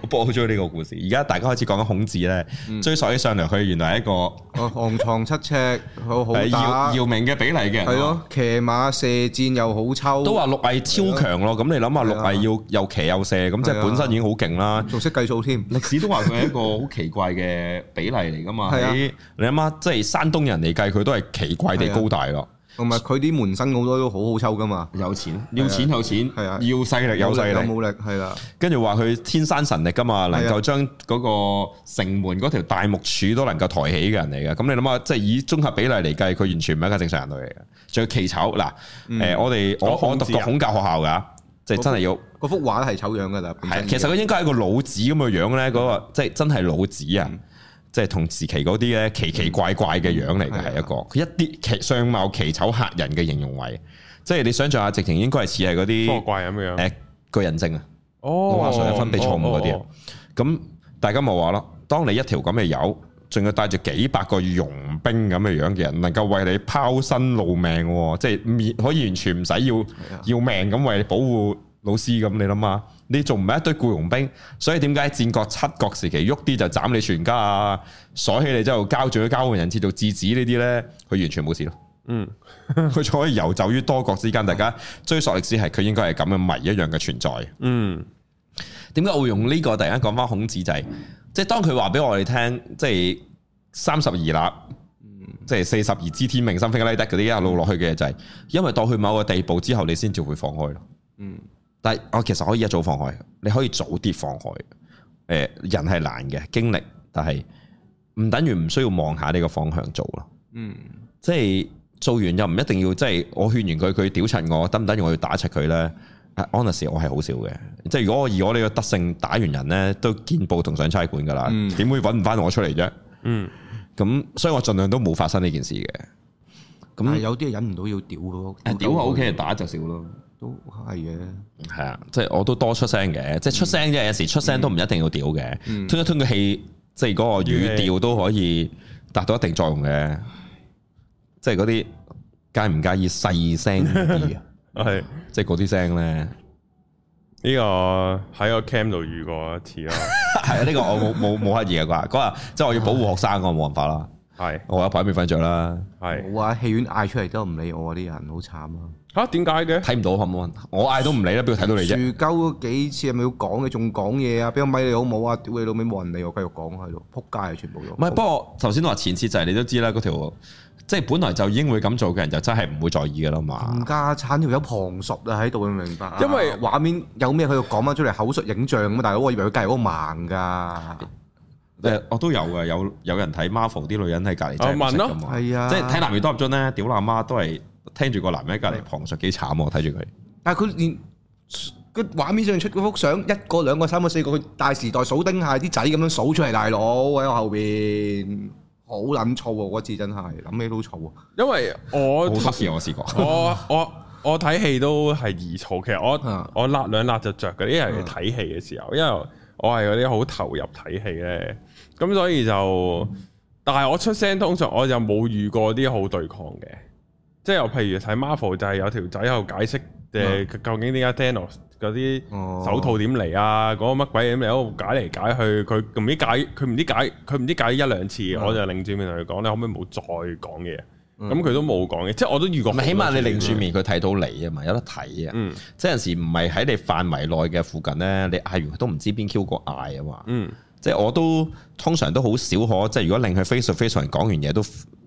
我播咗呢個故事？而家大家開始講緊孔子咧，追溯起上嚟，佢原來係一個昂藏、 嗯、七尺，好好打姚 明嘅比例嘅人，係咯，騎馬射箭又好抽，都話六藝超強咯。咁你諗下，六藝要又騎又射，咁即係本身已經好勁啦，仲識計數添。歷史都話佢係一個好奇怪嘅比例嚟噶嘛？係咯 你諗下，即係山東人嚟計，佢都係奇怪地高大咯。同埋佢啲門生好多都好好抽噶嘛？有錢要錢有錢，係啊，要勢力有勢力，冇力係啦。跟住話佢天生神力噶嘛，能夠將嗰個城門嗰條大木柱都能夠抬起嘅人嚟嘅。咁你諗下，即係以綜合比例嚟計，佢完全唔係一個正常人類嚟嘅。仲要奇醜嗱，誒，我哋我我讀過孔教學校噶，即係真係要。嗰幅畫係醜樣噶咋？係，其實佢應該係個老子咁嘅樣咧，嗰個即係真係老子啊。即係同時期嗰啲咧，奇奇怪怪嘅樣嚟嘅，係一個，一啲奇相貌奇醜嚇人嘅形容為，即係你想像下，直情應該係似係嗰啲妖怪咁樣誒、欸、巨人精啊，我話純有分泌錯誤嗰啲。咁、哦、大家冇話咯，當你一條咁嘅友，仲要帶住幾百個傭兵咁嘅樣嘅人，能夠為你拋身露命，即係面可以完全唔使要要命咁為你保護。老師咁，你諗下，你仲唔係一堆雇傭兵？所以點解戰國七國時期，喐啲就斬你全家啊，鎖起你之後交換交換人質做質子呢啲呢，佢完全冇事咯。嗯，佢仲 可以游走於多國之間，大家追溯歷史係，佢應該係咁嘅謎一樣嘅存在。嗯，點解會用呢、這個突然間講翻孔子就係，即係當佢話俾我哋聽，即係三十而立，嗯、即係四十而知天命，something like that 嗰啲一路落去嘅就係、是，因為到去某個地步之後，你先至會放開咯。嗯。但係我其實可以一早放開，你可以早啲放開。誒，人係難嘅經歷，但係唔等於唔需要望下呢個方向做咯。嗯，即係做完又唔一定要即係我勸完佢，佢屌柒我，等唔等於我要打柒佢咧？啊，on 我係好少嘅，即係如果以我呢個特性打完人咧，都見報同上差館噶啦。點會揾唔翻我出嚟啫？嗯，咁所以我儘量都冇發生呢件事嘅。咁有啲忍唔到要屌嘅咯。誒，屌我屋企人，打就少咯。都係嘅，係、 嗯、啊，即、就、係、是、我都多出聲嘅，即、就、係、是、出聲即係有時出聲都唔一定要屌嘅，嗯、吞一吞個氣，即係嗰個語調都可以達到一定作用嘅，即係嗰啲介唔介意細聲啲啊？係，即係嗰啲聲咧，呢個喺個 cam 度遇過一次啊。係啊，呢個我冇冇冇刻意啊，嗰日，嗰日即係我要保護學生，我冇 辦法啦。係，我一排未瞓着啦。係住，我喺戲院嗌出嚟都唔理我啲人，好慘啊！吓，點解嘅？睇唔到，好冇我嗌都唔理啦，邊個睇到你啫？住溝幾次係咪要講嘅？仲講嘢啊？俾個咪你好冇啊？屌你老味冇人理我，繼續講喺度，撲街啊！全部都唔係，不過頭先我話前次就係你都知啦，嗰條即係本來就已經會咁做嘅人，就真係唔會在意噶啦嘛。冚家鏟條友旁述啊，喺度明白。因為畫面有咩佢要講啊出嚟口述影像咁啊，大佬我以為佢梗係好盲噶。誒，我都有嘅，有有人睇 Marvel 啲女人喺隔離，問咯，係啊，即係睇男片多入樽咧，屌阿媽都係聽住個男人喺隔離旁述幾慘喎，睇住佢。但係佢連佢畫面上出幅相一個兩個三個四個，佢大時代數丁下啲仔咁樣數出嚟，大佬喺我後邊，好撚燥喎！嗰次真係，諗起都燥啊。因為我好多時我試過 我，我我我睇戲都係易燥，其實我 我甩兩甩就着嘅，因為睇戲嘅時候，因為我係嗰啲好投入睇戲咧。咁所以就，但係我出聲通常我就冇遇過啲好對抗嘅，即係我譬如睇 Marvel 就係有條仔喺度解釋誒、嗯、究竟點解 Thanos 嗰啲手套點嚟啊？嗰、哦、個乜鬼嘢喺度解嚟解去，佢唔知解，佢唔知解，佢唔知，知，知解一兩次，嗯、我就擰轉面同佢講：你可唔可以冇再講嘢？咁佢、嗯、都冇講嘢，即係我都遇過。起碼你擰轉面佢睇到你啊嘛，有得睇啊！嗯、即有陣時唔係喺你範圍內嘅附近咧，你嗌完都唔知邊 Q 個嗌啊嘛。嗯即係我都通常都好少可，即係如果令佢 face to face 同人講完嘢都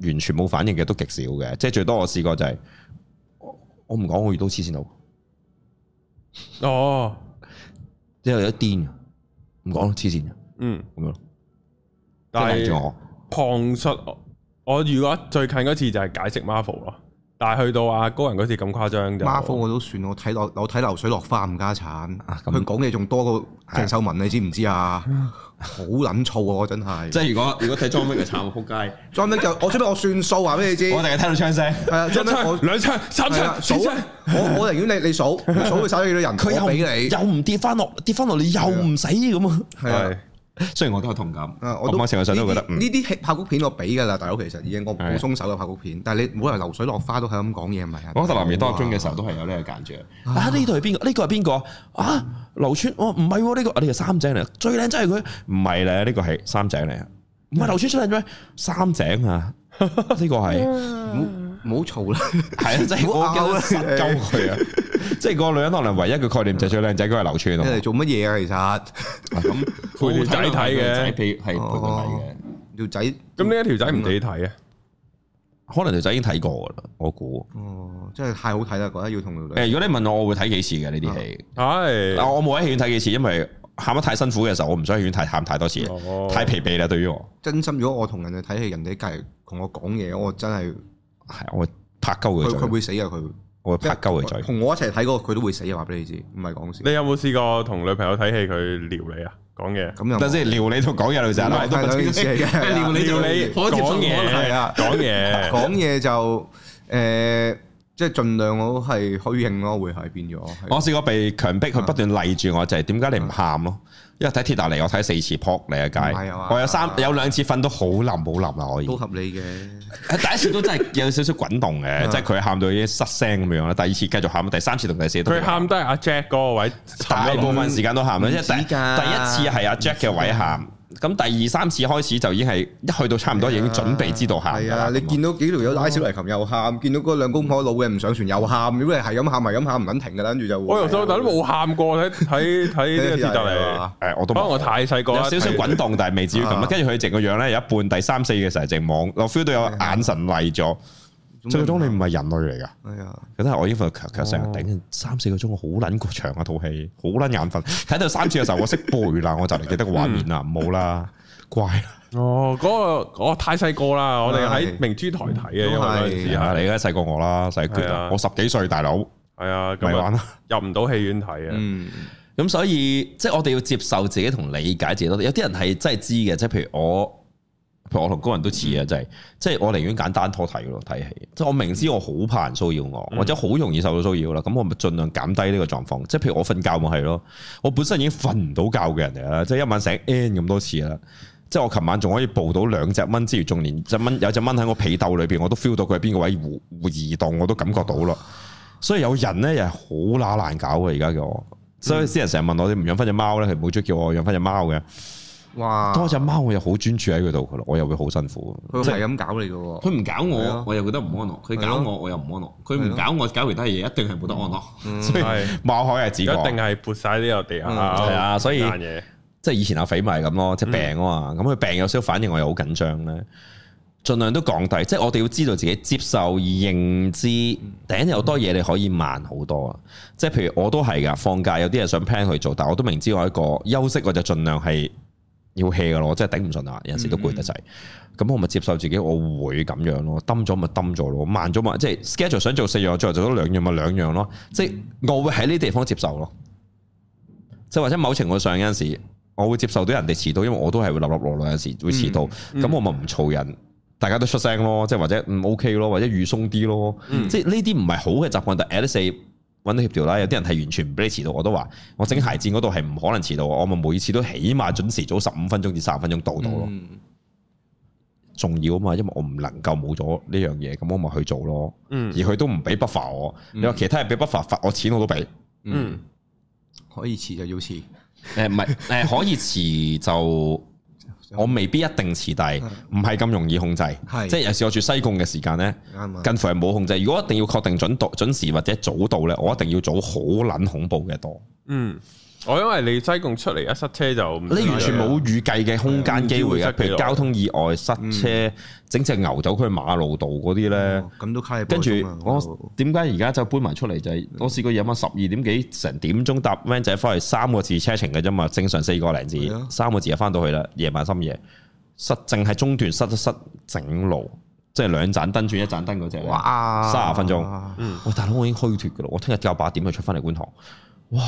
完全冇反應嘅都極少嘅，即係最多我試過就係、是、我唔講我遇到黐線佬，哦，之後有一癲，唔講咯，黐線，嗯，咁樣。但係旁述，我如果最近嗰次就係解釋 Marvel 咯。但係去到啊，高人嗰次咁誇張就，Marvel 我都算我睇我我睇流水落花唔加產，佢講嘢仲多過鄭秀文你知唔知啊？好撚燥啊！我真係，即係如果如果睇莊斌就慘啊！撲街，莊斌就我出斌我算數啊！話俾你知？我淨係聽到槍聲，係啊，兩槍、三槍、四槍，我我寧願你你數，數會數到幾多人？佢又俾你，又唔跌翻落，跌翻落你又唔使咁啊！係。雖然我都有同感，我目成我上都覺得呢啲拍谷片我俾噶啦，大佬其實已經我唔鬆手嘅拍谷片。的但係你冇理由流水落花都係咁講嘢，係咪啊？我覺得林月多中嘅時候都係有呢個間諜哇啊！呢度係邊個？呢個係邊個啊？流川哦，唔係喎，呢個呢個三井嚟，最靚真係佢唔係咧，呢、啊這個係三井嚟啊，唔係流川出嚟咩？三井啊，呢、這個係。Yeah. 唔好嘈啦，係啊，真係我勾實佢啊， 即係個女人可能唯一嘅概念就最靚仔嗰位流川。即係做乜嘢 啊？其實咁陪仔睇嘅，係陪佢睇嘅條仔。咁呢一條仔唔俾睇啊？嗯、可能條仔已經睇過啦，我估。哦，真係太好睇啦！覺得要同佢誒，如果你問我我會睇幾次嘅呢啲戲？係、啊、我冇喺戲院睇幾次，因為喊得太辛苦嘅時候，我唔想喺戲院睇喊太多次，哦、太疲憊啦。對於我，真心如果我同人哋睇戲，人哋繼續同我講嘢，我真係。係我拍鳩佢，佢會死㗎佢。我拍鳩佢嘴，同我一齊睇嗰個佢都會死啊！話俾你知，唔係講笑。你有冇試過同女朋友睇戲佢撩你啊？講嘢咁樣。先，撩你同講嘢就係啦，都係呢啲撩你撩你講嘢係啊，講嘢講嘢就誒，即係盡量好係虛應咯，會係變咗。我試過被強迫，佢不斷勵住我，就係點解你唔喊咯？因為睇《鐵達尼》，我睇四次仆你嘅街，我有三有兩次瞓到好冧冇冧啦，可以好合理嘅。第一次都真係有少少滾動嘅，即係佢喊到已經失聲咁樣啦。第二次繼續喊，第三次同第四次都，佢喊都係阿 Jack 嗰個位，了大部分時間都喊，即係第第一次係阿 Jack 嘅位喊。咁第二三次開始就已經係一去到差唔多已經準備知道喊。係啊，你見到幾條友拉小提琴又喊，見到嗰兩公婆老嘅唔上船又喊，咁你係咁喊咪咁喊唔肯停嘅，跟住就會我由細到大都冇喊過，睇睇睇呢個節奏嚟，誒我都，不過我太細個，有少少滾動，但係未至於咁。跟住佢淨個樣咧，有一半第三四嘅時候淨望，我 feel 到有眼神滯咗。 最終你唔係人類嚟噶，係啊，真係我依份強強成日頂，三四個鐘我好撚長啊，套戲好撚眼瞓，睇到三次嘅時候我識背啦，我就嚟記得個畫面啦，唔好啦，怪哦，嗰個我太細個啦，我哋喺明珠台睇嘅，係啊，你而家細過我啦，細一我十幾歲大佬，係啊，咁玩咯，入唔到戲院睇啊，咁所以即係我哋要接受自己同理解自己咯，有啲人係真係知嘅，即係譬如我。我同高人都似啊，真係，即係我寧願簡單拖睇咯，睇戲。即係我明知我好怕人騷擾我，或者好容易受到騷擾啦，咁我咪盡量減低呢個狀況。即係譬如我瞓覺咪係咯，我本身已經瞓唔到覺嘅人嚟啦，即、就、係、是、一晚醒 N 咁多次啦。即、就、係、是、我琴晚仲可以捕到兩隻蚊之餘，仲連隻蚊有隻蚊喺我被斗裏邊，我都 feel 到佢喺邊個位移移動，我都感覺到啦。所以有人咧又係好乸難搞嘅。而家叫我，所以啲人成日問我，你唔養翻隻貓咧？佢好中意叫我養翻隻貓嘅。哇！多隻貓我又好專注喺佢度嘅咯，我又會好辛苦。佢係咁搞你嘅喎。佢唔搞我，我又覺得唔安樂；佢搞我，我又唔安樂。佢唔搞我搞其他嘢，一定係冇得安樂。所以貌海係自己，一定係撥晒呢個落地下。係啊，所以即係以前阿肥咪咁咯，即係病啊嘛。咁佢病有少少反應，我又好緊張咧。儘量都降低，即係我哋要知道自己接受認知。第一有多嘢你可以慢好多啊！即係譬如我都係噶，放假有啲嘢想 plan 佢做，但我都明知我一個休息，我就儘量係。要 hea 噶咯，即係頂唔順啊！有陣時都攰得滯，咁、嗯、我咪接受自己，我會咁樣咯，掹咗咪掹咗咯，慢咗咪即係 schedule 想做四樣，最後做咗兩樣咪兩樣咯，即係我會喺呢地方，接受咯，即係或者某程度上有陣時我會接受到人哋遲到，因為我都係會立立落落有陣時會遲到，咁、嗯嗯、我咪唔嘈人，大家都出聲咯，即係或者唔 OK 咯，或者放鬆啲咯，嗯嗯、即係呢啲唔係好嘅習慣，但係揾到協調啦，有啲人係完全唔俾你遲到，我都話我整鞋墊嗰度係唔可能遲到，我咪每次都起碼準時早十五分鐘至卅分鐘到到咯。嗯、重要啊嘛，因為我唔能夠冇咗呢樣嘢，咁我咪去做咯。嗯、而佢都唔俾不罰我，嗯、你話其他人俾不罰罰我錢我都俾。嗯，可以遲就要遲。誒唔係誒，可以遲就。 我未必一定遲到，唔係咁容易控制，是即係有時我住西貢嘅時間呢，的近乎係冇控制。如果一定要確定準度、準時或者早到呢，我一定要早好撚恐怖嘅多。嗯。我因為你西貢出嚟一塞車就，你完全冇預計嘅空間機會嘅，譬、嗯、如交通意外塞車，嗯、整隻牛走去馬路度嗰啲咧，咁、嗯、都卡你。跟住我點解而家就搬埋出嚟就係、是，我試過夜晚十二點幾成點鐘搭 van 仔翻嚟三個字車程嘅啫嘛，正常四個零字，呀三個字就翻到去啦。夜晚深夜塞，淨係中段塞一塞整路，即係兩盞燈轉一盞燈嗰隻哇，三十哇分鐘。喂、啊啊啊哎、大佬我已經虛脫嘅啦，我聽日夾八點就出翻嚟觀塘。哇！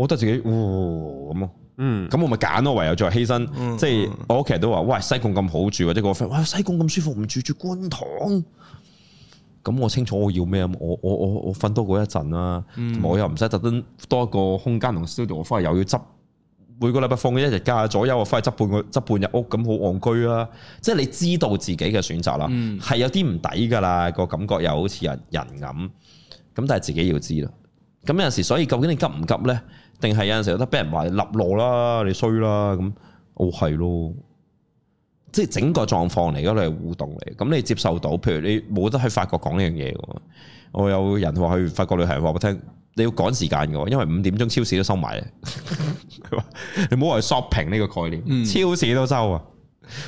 我覺得自己喎咁咯，啊、嗯，咁我咪揀咯，唯有再犧牲，嗯、即係我屋企人都話，喂，西貢咁好住，或者我分，哇，西貢咁舒服，唔住住觀塘，咁我清楚我要咩，我我我我瞓多過一陣啦，我，我，我、啊嗯、我又唔使特登多一個空間同 studio，我翻去又要執，每個禮拜放一日假，左休我翻去執半個執半日屋，咁好戇居啦，即係你知道自己嘅選擇啦，係、嗯、有啲唔抵噶啦，個感覺又好似人人咁，咁但係自己要知咯，咁有陣時所以究竟你急唔急咧？嗯定係有陣時都俾人話立懦啦，你衰啦咁，哦，係咯，即係整個狀況嚟，而家你係互動嚟，咁你接受到？譬如你冇得去法國講呢樣嘢喎，我有人話去法國旅行話我聽，你要趕時間嘅，因為五點鐘超市都收埋咧。 你唔好話去 shopping 呢個概念，嗯、超市都收啊。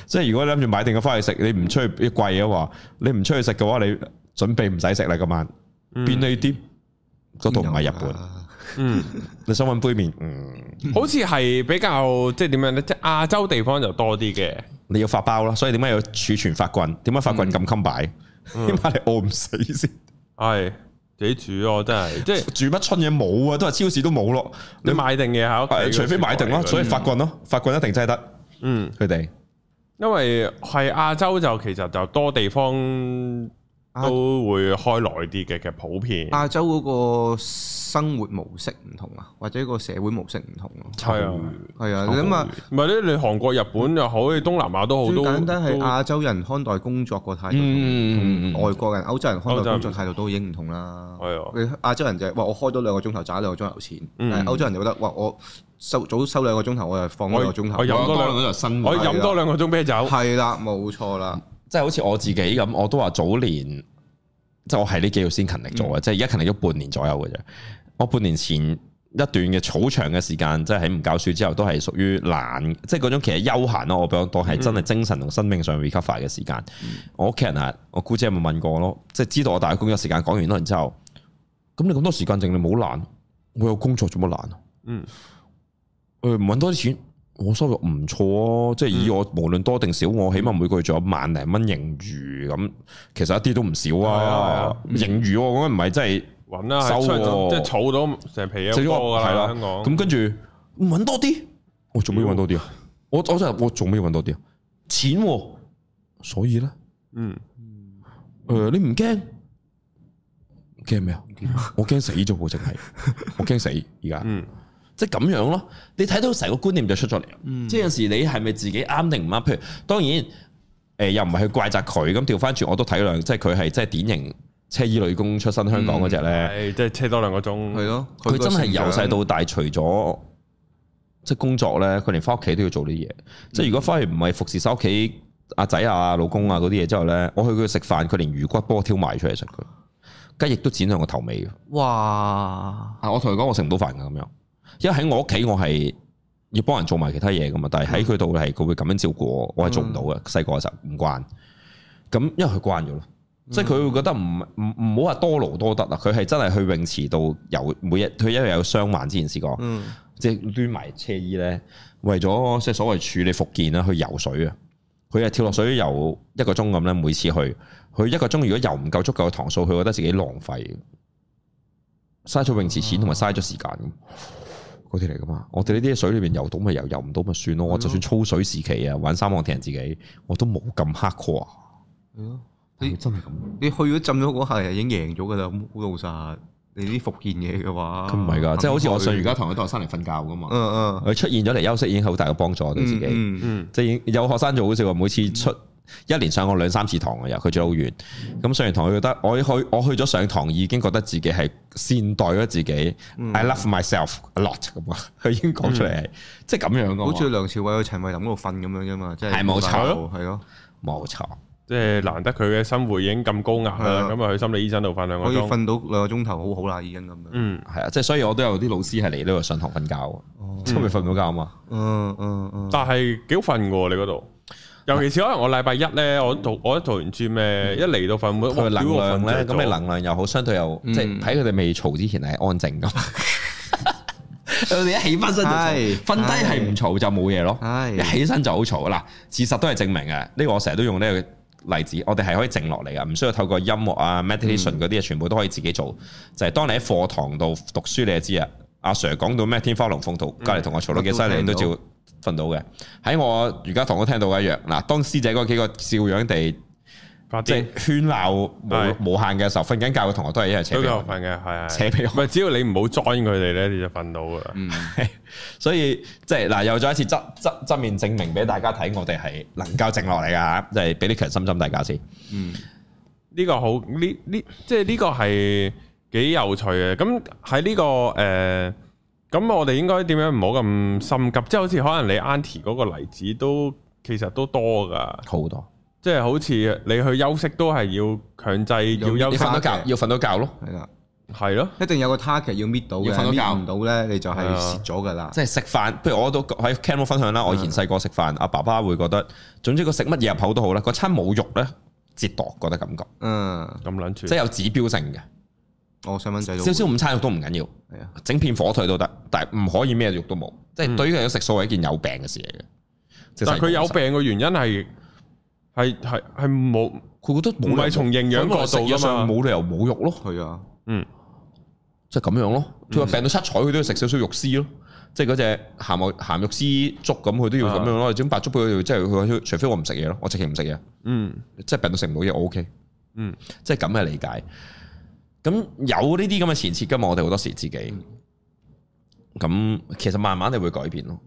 即係如果你諗住買定個翻去食，你唔出去貴嘅話，你唔出去食嘅話，你準備唔使食啦。今晚便利店都同埋日本。嗯，你想揾杯麵，嗯，好似係比較即係點樣咧？即係亞洲地方就多啲嘅。你要發包啦，所以點解要儲存發棍？點解發棍咁襟擺？點解、嗯、 你餓唔死先。係幾、哎、煮啊？真係，即係煮乜春嘢冇啊？都係超市都冇咯，啊。你買定嘢喺，除非買定咯，除非發棍咯，啊，嗯、發棍一定真係得。嗯，佢哋們因為係亞洲就其實就多地方。都會開耐啲嘅，嘅普遍。亞洲嗰個生活模式唔同啊，或者個社會模式唔同咯。係啊，係啊，你諗啊，唔係咧，你韓國、日本又好，東南亞都好多。最簡單係亞洲人看待工作個態度，同外國人、歐洲人看待工作態度都已經唔同啦。係啊，亞洲人就係哇，我開多兩個鐘頭賺兩個鐘頭錢。但係歐洲人就覺得哇，我收早收兩個鐘頭，我就放多個鐘頭，我飲多兩個鐘頭新。我飲多兩個鐘啤酒。係啦，冇錯啦。即係好似我自己咁，我都話早年，即、就、係、是、我係呢幾個月先勤力做嘅，嗯、即係而家勤力咗半年左右嘅啫。我半年前一段嘅好長嘅時間，即係喺唔教書之後都屬於，都係屬於懶，即係嗰種其實休閒咯。我比較多係真係精神同生命上 recover 嘅時間、嗯。我屋企人啊，我姑姐有冇問過我咯，即係知道我大工作時間講完啦，然之後，咁你咁多時間淨你冇懶，我有工作做乜懶啊？嗯，誒、呃，唔搵多啲錢。我收入唔錯啊，即係以我無論多定少，我起碼每個月仲有萬零蚊盈餘咁，其實一啲都唔少啊。盈餘我講唔係真係搵啦，收即係儲到成皮啊。好多、係啦、香港。咁跟住搵多啲，我做咩要搵多啲啊？我我真係我做咩要搵多啲啊？錢，所以咧，嗯，誒、呃，你唔驚驚咩啊？我驚死咗，淨係，我驚死而家。即咁樣咯，你睇到成個觀念就出咗嚟。嗯、即有時你係咪自己啱定唔啱？譬如當然，誒、呃、又唔係去怪責佢咁。調翻轉，我都體諒，即係佢係即係典型車衣女工出身、嗯、香港嗰隻咧。即係車多兩個鐘，係咯、哦。佢真係由細到大，除咗即係工作咧，佢連翻屋企都要做啲嘢。嗯、即係如果翻去唔係服侍晒屋企阿仔啊、老公啊嗰啲嘢之後咧，我去佢食飯，佢連魚骨幫我挑埋出嚟食佢，雞翼都剪兩個頭尾嘅。哇！我同佢講，我食唔到飯噶咁樣。因為喺我屋企，我係要幫人做埋其他嘢噶嘛，但係喺佢度係佢會咁樣照顧我，我係做唔到嘅。細個嘅時候唔慣，咁因為佢慣咗咯，嗯、即係佢會覺得唔唔唔好話多勞多得啦。佢係真係去泳池度游，每日佢因為有傷患之前試過，即係脫埋車衣咧，為咗即係所謂處理復健啦，去游水啊。佢係跳落水游一個鐘咁咧，每次去，佢一個鐘如果游唔夠足夠嘅塘數，佢覺得自己浪費，嘥咗泳池錢同埋嘥咗時間。嗯 嗰啲嚟噶嘛？我哋呢啲水裏邊游到咪游，游唔到咪算咯。的我就算操水時期啊，玩三項艇自己，我都冇咁黑褲啊。你真係咁？你去咗浸咗嗰下，又已經贏咗噶啦，老實晒。你啲復健嘢嘅話，唔係噶，即係好似我上瑜伽堂有學生嚟瞓覺噶嘛。嗯嗯，佢、嗯、出現咗嚟休息已經係好大嘅幫助我自己。嗯嗯，即、嗯、係有學生做好事，我每次出。一年上過兩三次堂嘅，又，佢住好遠，咁上完堂，佢覺得我去我去咗上堂已經覺得自己係善待咗自己，I love myself a lot 咁啊，佢已經講出嚟，即係咁樣嘅。好似梁朝偉去陳慧琳嗰度瞓咁樣啫嘛，即係係冇錯係咯，冇錯，即係難得佢嘅生活已經咁高壓啦，咁啊去心理醫生度瞓兩個鐘，可以瞓到兩個鐘頭好好啦，已經咁樣。嗯，係啊，即係所以我都有啲老師係嚟呢度上堂瞓覺啊，即係咪瞓到覺啊？嗯嗯嗯，但係幾好瞓嘅你嗰度。尤其是可能我禮拜一咧，我做我一做完 z 咩，一嚟到瞓會，佢能量咧，咁你能量又好，相對又即係喺佢哋未嘈之前係安靜噶嘛。佢哋一起翻身就嘈，瞓低係唔嘈就冇嘢咯。一起身就好嘈啦。事實都係證明嘅，呢個我成日都用呢個例子。我哋係可以靜落嚟噶，唔需要透過音樂啊，meditation 嗰啲啊，全部都可以自己做。就係當你喺課堂度讀書，你就知啊，阿 Sir 講到咩天花龍鳳圖，隔籬同我嘈到幾犀利，都照。瞓到嘅，喺我瑜伽堂都聽到一樣。嗱，當師姐嗰幾個照樣地電即係喧鬧無的無限嘅時候，瞓緊覺嘅同學都係一樣，都嘅，係扯皮。只要你唔好 join 佢哋咧，你就瞓到噶啦，嗯。所以即係嗱，又再一次側側側面證明俾大家睇，我哋係能夠靜落嚟噶吓，就係俾啲強心針大家先。嗯，呢個好，呢呢即係呢個係幾有趣嘅。咁喺呢個誒。呃咁我哋應該點樣唔好咁心急？即係好似可能你 Auntie 嗰個例子都其實都多㗎，好多。即係好似你去休息都係要強制要休瞓多覺，要瞓到覺咯。係啊，係咯。一定有個 target 要搣到嘅，搣唔到咧你就係蝕咗㗎啦。即係食飯，譬如我都喺 Camp 度分享啦，我以前細個食飯，阿爸爸會覺得，總之個食乜嘢入口都好啦，個餐冇肉咧，折墮覺得感覺。嗯，咁撚即係有指標性嘅。少少午餐肉都唔緊要，係啊，整片火腿都得，但係唔可以咩肉都冇，即係對於佢食素係一件有病嘅事嚟嘅。但係佢有病嘅原因係係係係冇，佢覺得唔係從營養角度啊嘛，冇理由冇肉咯。係啊，嗯，即係咁樣咯。佢話病到七彩，佢都要食少少肉絲咯，即係嗰隻鹹肉鹹肉絲粥咁，佢都要咁樣咯。總之白粥佢即係佢話，除非我唔食嘢咯，我直情唔食嘢。嗯，即係病到食唔到嘢，我 OK。嗯，即係咁嘅理解。咁有呢啲咁嘅前設㗎嘛，我哋好多時自己，咁其實慢慢你會改變咯。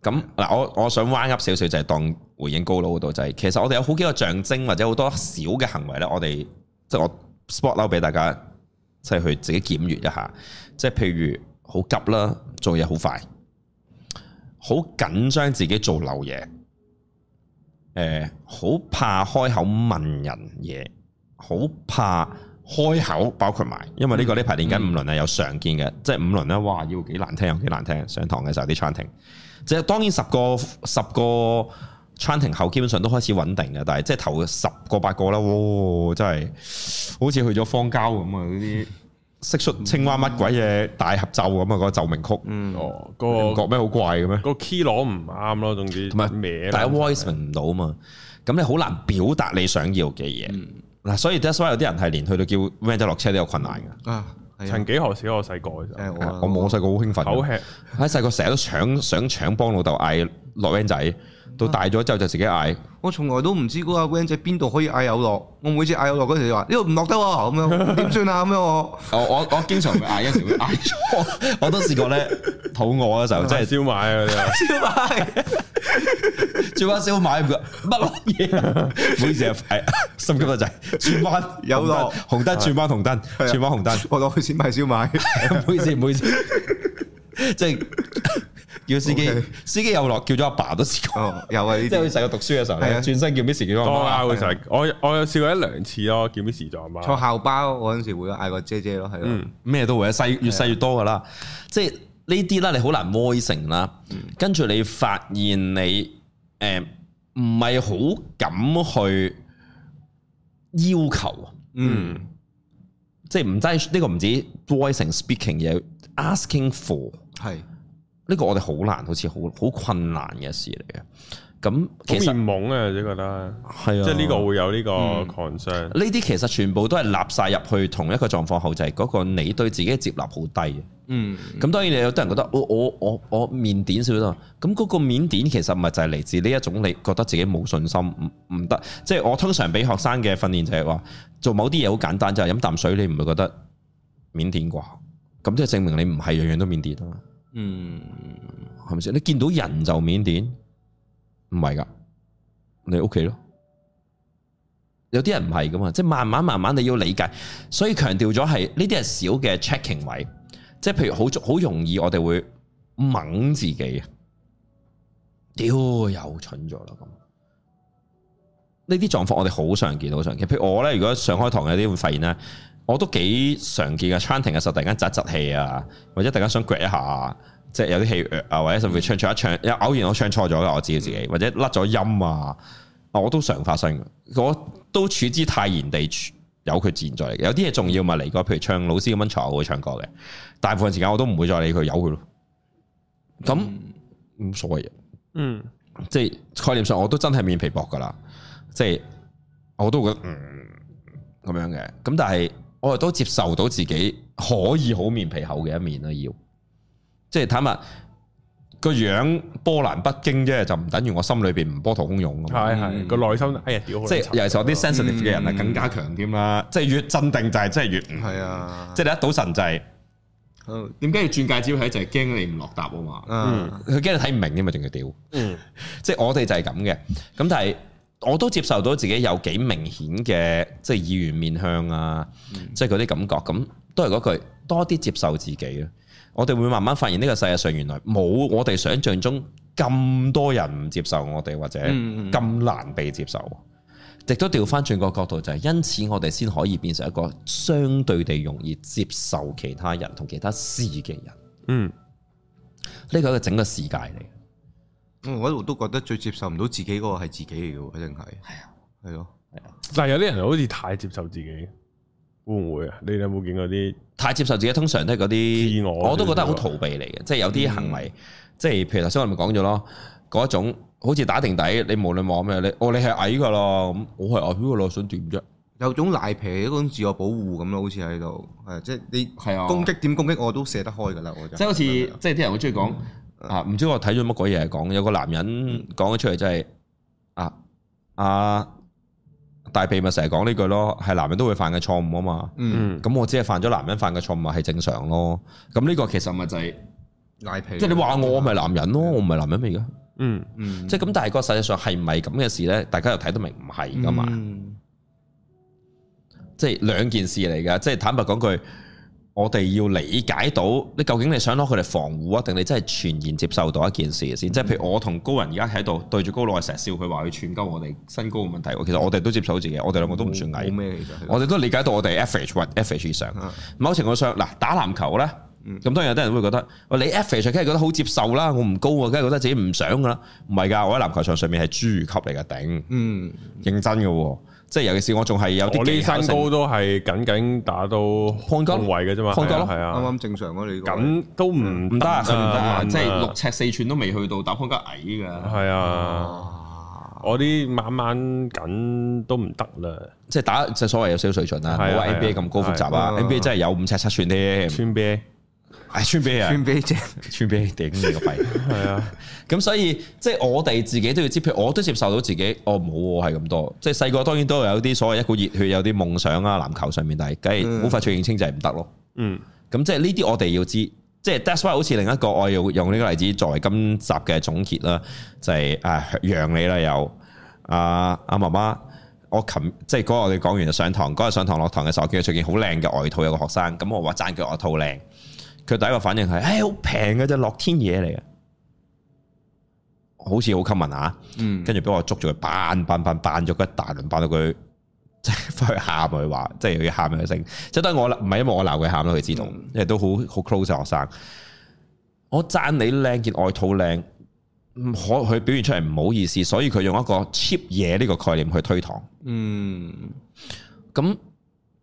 咁嗱，我我想彎入少少，就係、是、當回應高佬嗰度就係、是，其實我哋有好幾個象徵或者好多小嘅行為咧，我哋即係我 spot out 俾大家，即、就、係、是、去自己檢閱一下。即係譬如好急啦，做嘢好快，好緊張自己做漏嘢，誒、呃，好怕開口問人嘢，好怕。開口包括埋，因為呢個呢排連緊五輪係有常見嘅，嗯、即係五輪咧，哇要幾難聽又幾難聽。上堂嘅時候啲 training，即係當然十個十個 training 後基本上都開始穩定嘅，但係即係頭十個八個啦，哇真係好似去咗荒郊咁啊！啲蟋蟀青蛙乜鬼嘢大合奏咁啊、嗰個奏鳴曲，嗯、哦那個咩好怪嘅咩？個 key 攞唔啱咯，總之同埋但係 voice 唔到啊嘛，咁你好難表達你想要嘅嘢。嗯所以 t h a 有啲人係連去到叫 van 仔落車都有困難曾啊，曾幾何紀河小我細個嘅啫，我冇、啊、我細個好興奮，吃喺細個成日都搶想搶幫老豆嗌落 van 仔。到大咗之後就自己嗌，我從來都唔知嗰個 friend 仔邊度可以嗌有落，我每次嗌有落嗰陣時就話呢度唔落得，咁樣點算啊？咁樣我，我我經常嗌一時嗌錯，我都試過咧，肚餓嘅時候真係燒賣啊，燒賣，轉彎燒賣乜嘢？唔好意思啊，係心急個仔，轉彎有落紅燈轉彎紅燈轉彎紅燈，我攞去先買燒賣，唔好意思唔好意思，即係。叫司機，司機又落叫咗阿爸都試過，又係即係細個讀書嘅時候，轉身叫 Miss 叫阿我我有試過一兩次咯，叫 Miss 做阿媽坐校巴嗰陣時會嗌個姐姐咯，係咯，咩都或細越細越多噶啦，即係呢啲啦，你好難 voice 成啦，跟住你發現你誒唔係好敢去要求，嗯，即係唔真呢個唔止 voice 成 speaking 嘢，asking for 係。呢個我哋好難，好似好好困難嘅事嚟嘅。咁其實懵啊，即覺得係啊，即係呢個會有呢個 concern。呢啲、嗯、其實全部都係納晒入去同一個狀況後，就係嗰個你對自己嘅接納好低。嗯。嗯，咁當然你有啲人覺得我我我我，我面點少啦。咁嗰個面點其實咪就係嚟自呢一種你覺得自己冇信心，唔唔得。即係我通常俾學生嘅訓練就係話做某啲嘢好簡單，就係飲啖水，你唔會覺得面點啩。咁即係證明你唔係樣樣都面點啊嘛。嗯，係咪先？你見到人就緬甸？唔係噶，你屋企咯。有啲人唔係噶嘛，即係慢慢慢慢你要理解。所以強調咗係呢啲係少嘅 checking 位，即係譬如好好容易我哋會掹自己。屌又蠢咗啦！咁呢啲狀況我哋好常見，好常見。譬如我咧，如果上開堂有啲會發現咧。我都幾常見嘅，Chanting 嘅時候突然間窒窒氣啊，或者突然間想掘一下，即係有啲氣弱啊，或者甚至唱唱一唱，偶然我唱錯咗嘅，我知道自己，嗯、或者甩咗音啊，我都常發生，我都處之泰然地由佢自然在嚟，有啲嘢重要咪嚟嘅，譬如唱老師咁樣嘈，我會唱歌嘅。大部分時間我都唔會再理佢，由佢咯。咁唔、嗯、所謂嘅，嗯，即係概念上我都真係面皮薄噶啦，即係我都覺得嗯咁樣嘅。咁但係。我哋都接受到自己可以好面皮厚嘅一面啦，要即係坦白個樣波瀾不驚啫，就唔等於我心裏邊唔波濤洶湧，湧，湧。係係個內心哎呀屌！即係尤其啲 sensitive 嘅人啊，更加強添啦。即係越鎮定就係真係越係是啊！即係你一倒神就係、是，點解好要轉介？主要係就係驚你唔落答啊嘛。嗯，嗯，佢驚你睇唔明啫嘛，仲要屌。嗯即，即係我哋就係咁嘅。咁但係。我都接受到自己有幾明顯嘅即係議員面向啊，即係嗰啲感覺，咁都係嗰句多啲接受自己咯。我哋會慢慢發現呢個世界上原來冇我哋想象中咁多人唔接受我哋，或者咁難被接受。嗯嗯、亦都調翻轉個角度，就係因此我哋先可以變成一個相對地容易接受其他人同其他事嘅人。嗯，呢個係個整個世界嚟。嗯，我度都覺得最接受唔到自己嗰個係自己嚟嘅，一定係。係啊，係咯，係啊。但係有啲人好似太接受自己，會唔會啊？你有冇見過啲太接受自己？通常都係嗰啲自我，我都覺得好逃避嚟嘅。嗯、即係有啲行為，即係譬如頭先我咪講咗咯，嗰一種好似打定底，你無論望咩，你哦你係矮噶咯，咁我係矮噶咯，想點啫？有種賴皮，一種自我保護咁咯，好似喺度。係，即係你係啊，攻擊點攻擊我，我都射得開嘅啦，我即係好似即係啲人好中意講。啊！唔知我睇咗乜鬼嘢，講有個男人講咗出嚟就係，啊啊大皮咪成日講呢句咯，係男人都會犯嘅錯誤啊嘛。嗯，咁我只係犯咗男人犯嘅錯誤係正常咯。咁呢個其實咪就係賴皮，即係你話我咪男人咯，我唔係男人嚟噶，嗯嗯，即係咁，但係個實際上係唔係咁嘅事咧？大家又睇得明唔係噶嘛？即係兩件事嚟噶，即係坦白講句。我哋要理解到，你究竟你想攞佢嚟防護啊，定你真係全然接受到一件事先？嗯、即係譬如我同高人而家喺度對住高佬，我成日笑佢話佢串鳩我哋身高嘅問題。其實我哋都接受自己，我哋兩個都唔算矮。咩我哋都理解到我哋 average or average 以上。某程度上，嗱、嗯、打籃球咧，咁當然有啲人都會覺得，我你 average 梗係覺得好接受啦。我唔高啊，梗係覺得自己唔想噶啦。唔係㗎，我喺籃球場上面係豬級嚟嘅頂，嗯，認真嘅喎、啊。即係尤其是我仲係有啲，我啲身高都係僅僅打到框格位嘅啫嘛，框格咯，係啊，啱啱正常咯，你咁都唔唔得啊，即係六尺四寸都未去到打框格矮㗎，係啊，我啲慢慢緊都唔得啦，即係打即係所謂有少少水準啊，冇話 NBA 咁高複雜啊，NBA 真係有五尺七寸添，穿 B。a 係穿俾人，穿俾正，穿俾頂你個肺。係啊，咁所以即係我哋自己都要接，譬如我都接受到自己，哦冇，我係咁多。即係細個當然都有啲所謂一股熱血，有啲夢想啊，籃球上面，但係梗係冇法子認清就係唔得咯。嗯，咁即係呢啲我哋要知，即係 that's why 好似另一個我用用呢個例子作為今集嘅總結啦，就係誒讓你啦又，阿阿媽媽，我琴即係嗰日我哋講完上堂，嗰日上堂落堂嘅時候，我見佢出件好靚嘅外套，有個學生，咁我話讚佢外套靚。佢第一個反應係，唉，好平嘅啫，樂天嘢嚟嘅，好似好 common 吓。嗯，跟住俾我捉住佢扮扮扮扮咗一大輪，扮到佢即係翻去喊佢話，即係要喊佢聲。即係當我啦，唔係因為我鬧佢喊咯，佢知道，因為都好好 close 嘅學生。我讚你靚件外套靚，唔可佢表現出嚟唔好意思，所以佢用一個 cheap 嘢呢個概念去推搪。嗯，咁。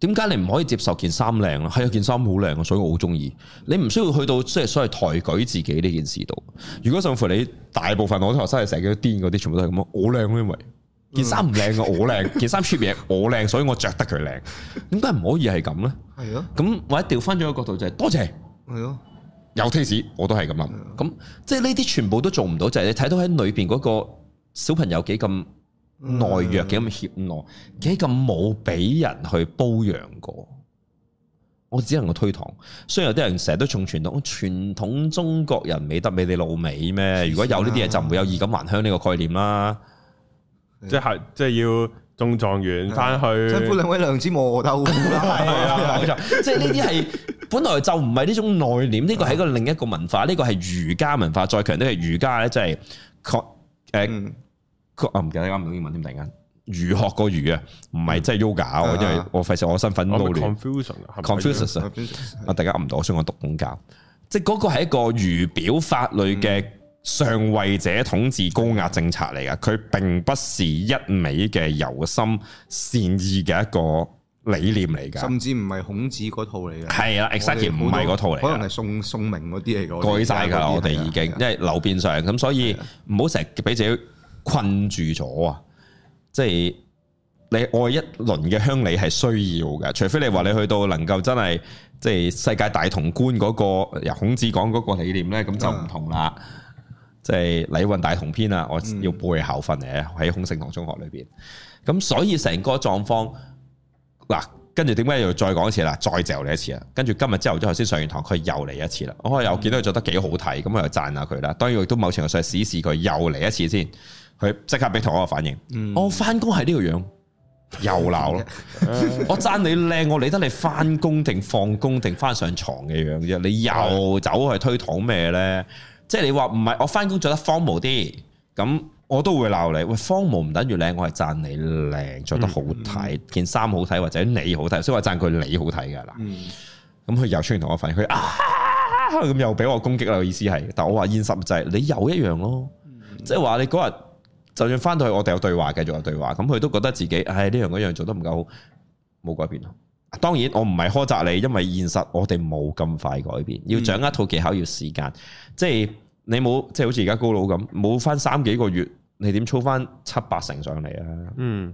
點解你唔可以接受件衫靚咯？係、哎、啊，件衫好靚啊，所以我好中意。你唔需要去到即係所謂抬舉自己呢件事度。如果甚至乎你大部分我啲學生係成日叫癲嗰啲，全部都係咁咯。我靚，因為件衫唔靚嘅，我靚。件衫 cheap 嘢，我靚，所以我着得佢靚。點解唔可以係咁咧？係咯 咁或者調翻咗個角度就係、是、多謝。係咯，有 taste 我都係咁諗。咁 即係呢啲全部都做唔到，就係、是、你睇到喺裏邊嗰個小朋友幾咁。內、嗯、弱嘅咁怯懦，幾咁冇俾人去褒揚過，我只能夠推搪。雖然，有啲人成日都重傳統，傳統中國人美得美，美，你老味咩？如果有呢啲嘢，就唔會有衣錦還鄉呢個概念啦、啊。即係即係要中狀元翻去，啊、即係兩位娘子磨豆腐。係 啊，冇錯。 即係呢啲係本來就唔係呢種內斂，呢個係一個另一個文化，呢個係儒家文化，再強啲係儒家咧，即係確誒。呃嗯我唔記得啱唔啱英文添，突然間儒學個儒啊，唔係真係 Yoga，因為我費事我身份攞亂。confusion 啊，大家噏唔到，我想我讀公教，即係嗰個係一個儒表法裏嘅上位者統治高壓政策嚟噶，佢並不是一味嘅由心善意嘅一個理念嚟噶，甚至唔係孔子嗰套嚟嘅，係啊，exactly，唔係嗰套嚟，可能係宋宋明嗰啲嚟嘅，改曬㗎，我哋已經因為流變上咁，所以唔好成日俾自己。困住咗啊！即係你愛一輪嘅鄉里係需要嘅，除非你話你去到能夠真係即係世界大同觀嗰、嗰個由孔子講嗰個理念呢，咁、嗯、就唔同啦。嗯、即係禮運大同篇啊！我要背後訓嘅，喺孔聖堂中學裏邊，咁所以成個狀況嗱，跟住點解又再講一次啦？再嚼你一次啊。跟住今日朝頭早頭先上完堂佢又嚟一次啦。我又見到佢做得幾好睇，咁我又讚下佢啦。當然亦都某程度上試試佢又嚟一次先。佢即刻俾同我個反應，我翻工係呢個樣，又鬧咯、 嗯。我讚你靚，我理得你翻工定放工定翻上床嘅樣啫。你又走去推搪咩呢？即係你話唔係我翻工著得荒無啲，咁我都會鬧你。喂，荒無唔等於靚，我係讚你靚，著得好睇，嗯、件衫好睇或者你好睇，所以話讚佢你好睇噶啦。咁佢、嗯、又出現同我反應，佢啊！咁又俾我攻擊啦。意思係，但我話現實就係你又一樣咯，即係話你嗰日。就算翻到去我哋有對話，繼續有對話，咁佢都覺得自己，唉呢樣嗰樣做得唔夠好，冇改變。當然我唔係苛責你，因為現實我哋冇咁快改變，要掌握套技巧要時間。即係你冇即係好似而家高佬咁，冇翻三幾個月，你點操翻七八成上嚟啊？嗯，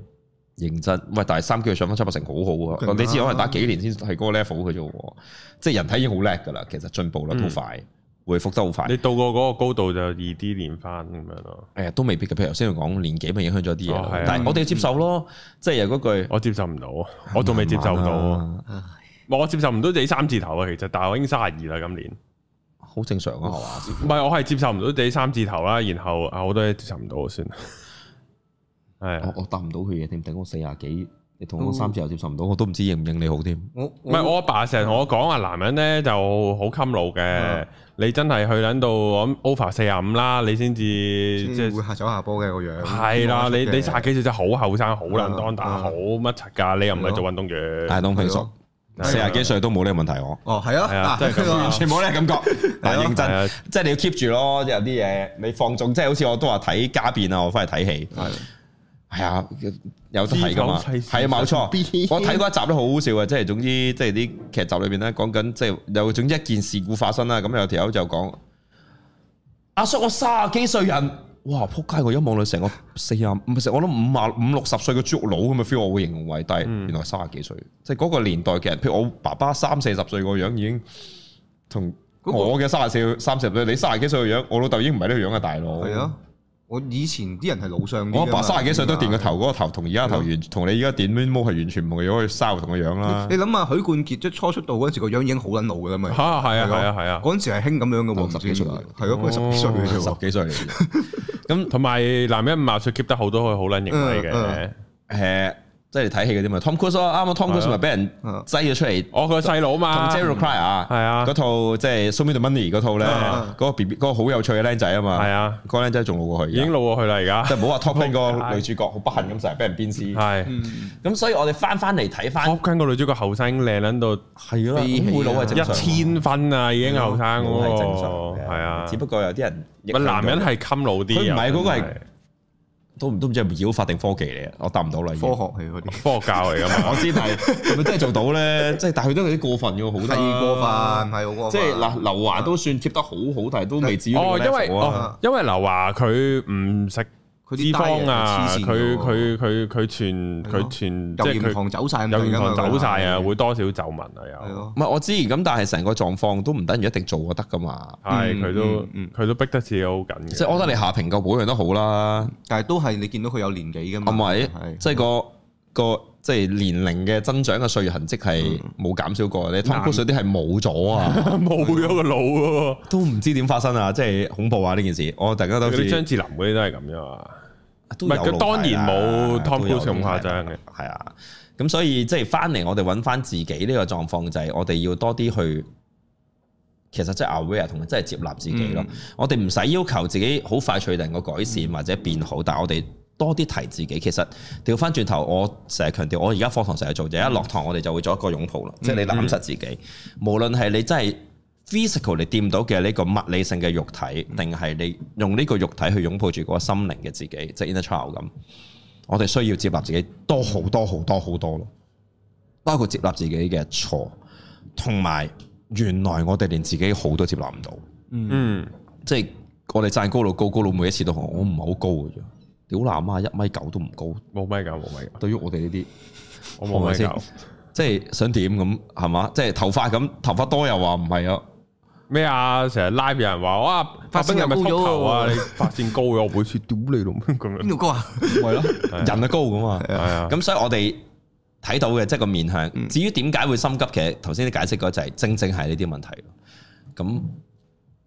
認真。喂，但係三幾個月上翻七八成，好好啊！啊你知可能打幾年先係嗰個 level 嘅啫，即係人體已經好叻噶啦，其實進步咧好快。嗯回復得好快，你到過嗰個高度就易啲練翻咁樣咯。誒、哎，都未必嘅，譬如頭先佢講年紀咪影響咗啲嘢，哦啊、但係我哋要接受咯，嗯、即係有句我接受唔到，啊、我仲未接受到，啊啊、我接受唔到自己三字頭啊，其實，但係已經卅二啦，今年好正常啊，係唔係？我係接受唔到自己三字頭啦，然後啊，我都接受唔到，算係 我我答唔到佢嘅，點解我四廿幾？你同我三次又接受唔到，我都唔知認唔認你好添。唔係我阿爸成日同我講啊，男人咧就好襟老嘅，你真係去捻到我 over 四廿五啦，你先至即係會吓走下波嘅個樣。係啦，你你卅幾歲真係好後生，好能當打，好乜柒噶，你又唔係做運動員，係當平熟，四十幾歲都冇呢個問題。我哦係啊，係啊，即係完全冇呢個感覺，但係認真，即係你要 keep 住咯。有啲嘢你放縱，即係好似我都話睇家變啊，我翻去睇戲。係啊、哎，有得睇噶嘛？係啊，冇錯。我睇過一集都好好笑啊！即係總之，即係啲劇集裏邊咧，講緊即係有總之一件事故發生啦。咁有條友就講：阿叔，我卅幾歲人，哇！仆街，我一望到成個四十五十，唔係我諗五六十歲嘅豬佬。」咁嘅 feel，我會形容為，但係原來卅幾歲，即係嗰個年代嘅人，譬如我爸爸三四十歲個樣，已經同我嘅卅四歲、三四十歲，你卅幾歲個樣，我老豆已經唔係呢個樣嘅大佬。我以前啲人係老相啲，我阿爸卅幾歲都電個頭,頭，嗰個頭同而家頭，同你而家點 man 毛係完全唔同嘅樣，佢三唔同嘅樣啦。你諗下，許冠傑即係初出道嗰陣時，個樣已經好撚老嘅啦嘛。嚇係啊係啊係啊！嗰陣時係興咁樣嘅喎，十幾歲，係咯、哦，佢、哦、十幾歲嘅十幾歲嘅。咁同埋男人五十歲 keep 得好多可以，佢好撚型嘅。誒、嗯。嗯即係睇戲嘅啫嘛，Tom Cruise 啱啱 Tom Cruise 咪俾人擠咗出嚟，我個細佬嘛同 Jerry cry 啊，係啊，嗰套即係《Show Me The Money》嗰套咧，嗰個 B 個好有趣嘅僆仔啊嘛，係啊，個僆仔仲老過去，已經老過去啦而家，即係唔好話 Top Gun 個女主角好不幸咁成日俾人鞭屍，係，咁所以我哋翻翻嚟睇翻 Top Gun 個女主角後生靚靚到，係咯，佬會老一千分啊，已經後生嗰個係啊，只不過有啲人，個男人係襟老啲唔係嗰個係。都唔都唔知係咪妖法定科技嚟啊！我答唔到啦。科學嚟嗰，科學教嚟噶嘛？ 我知，但係咪真係做到咧？即係，但係佢都係啲過分嘅，好過分，係好過分？即係嗱，劉華都算 keep 得好好，的但係都未至於。哦，因為、哦、因為劉華佢唔食。脂肪啊，佢佢佢佢全佢全，即係佢脂肪走曬，有脂肪走晒啊，會多少皺紋啊又。唔係我知，咁但係成個狀況都唔等於一定做就得噶嘛。係佢都，佢都逼得自己好緊嘅。即係我覺得你下平個保養都好啦，但係都係你見到佢有年紀噶嘛。唔係，即係個個。即係年齡嘅增長嘅歲月痕跡係冇減少過，你湯煲水啲係冇咗啊，冇咗、啊、 個腦、啊，都唔知點發生啊！即、就、係、是、恐怖啊！呢、嗯、件事，我大家都張智霖嗰啲都係咁樣啊，唔、啊、當然冇湯煲水咁誇張嘅，係啊，咁、啊嗯、所以即係返嚟，我哋揾返自己呢個狀況就係我哋要多啲去，其實即係 aware 同即係接納自己咯。嗯、我哋唔使要求自己好快脆能夠改善或者變好，嗯、但係我哋。多啲提自己，其實調翻轉頭，我成日強調，我而家課堂成日做，就一落堂我哋就會做一個擁抱啦，嗯、即係你攬實自己。嗯、無論係你真係 physical 你掂到嘅呢個物理性嘅肉體，定係、嗯、你用呢個肉體去擁抱住嗰個心靈嘅自己，嗯、即係 inner child 咁。我哋需要接納自己多好多好多好多咯，包括接納自己嘅錯，同埋原來我哋連自己好都接納唔到。嗯，即係我哋讚高到高，高到每一次都好，我唔係好高嘅啫。屌男啊，一米九都唔高，冇米噶，冇米噶。對於我哋呢啲，我冇米九，即係想點咁係嘛？即係頭髮咁頭髮多又話唔係啊？咩啊？成日拉住人話哇，髮線高咗啊，髮線高咗，我每次屌你咯咁樣。邊條高啊？係咯，人啊高噶嘛。咁所以我哋睇到嘅即係個面向，至於點解會心急，其實頭先你解釋嗰就係正正係呢啲問題。咁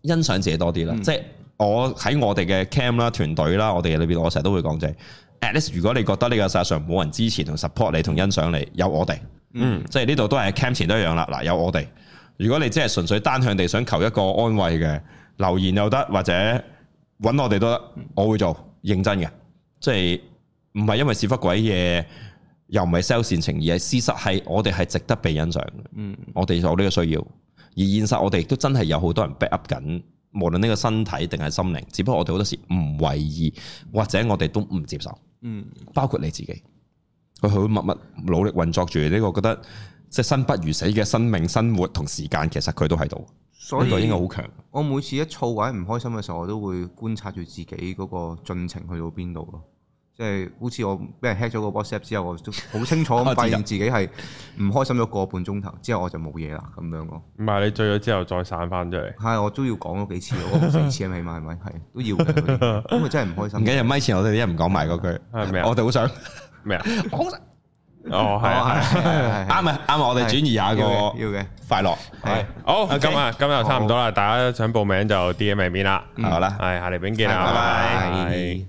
欣賞自己多啲啦，即係。我喺我哋嘅 cam 啦，團隊啦，我哋裏邊，我成日都會講就係，at least 如果你覺得你嘅實際上冇人支持同 support 你同欣賞你，有我哋，嗯，mm. 即係呢度都係 cam 前都一樣啦，嗱，有我哋。如果你真係純粹單向地想求一個安慰嘅留言又得，或者揾我哋都得，我會做，認真嘅，即係唔係因為屎忽鬼嘢，又唔係 sell 善情，而係事實係我哋係值得被欣賞，嗯，mm. 我哋有呢個需要，而現實我哋都真係有好多人 back up 緊。無論呢個身體定係心靈，只不過我哋好多時唔為意，或者我哋都唔接受。嗯，包括你自己，佢佢默默努力運作住呢個覺得即係生不如死嘅生命、生活同時間，其實佢都喺度。所以呢個應該好強。我每次一躁位唔開心嘅時候，我都會觀察住自己嗰個進程去到邊度咯。即係好似我俾人 hack 咗個 WhatsApp 之後，我都好清楚咁發現自己係唔開心咗個半鐘頭，之後我就冇嘢啦咁樣咯。唔係你醉咗之後再散翻出嚟？係我都要講咗幾次，我四次啊，起碼係咪？係都要。咁啊真係唔開心。唔緊要，咪前我哋一唔講埋嗰句係咪啊？我哋好想咩啊？講哦，係係係，啱啊啱啊！我哋轉移下一個要嘅快樂係好。咁啊，今日差唔多啦，大家想報名就 DM 埋面啦。好啦，係下嚟見啦，拜拜。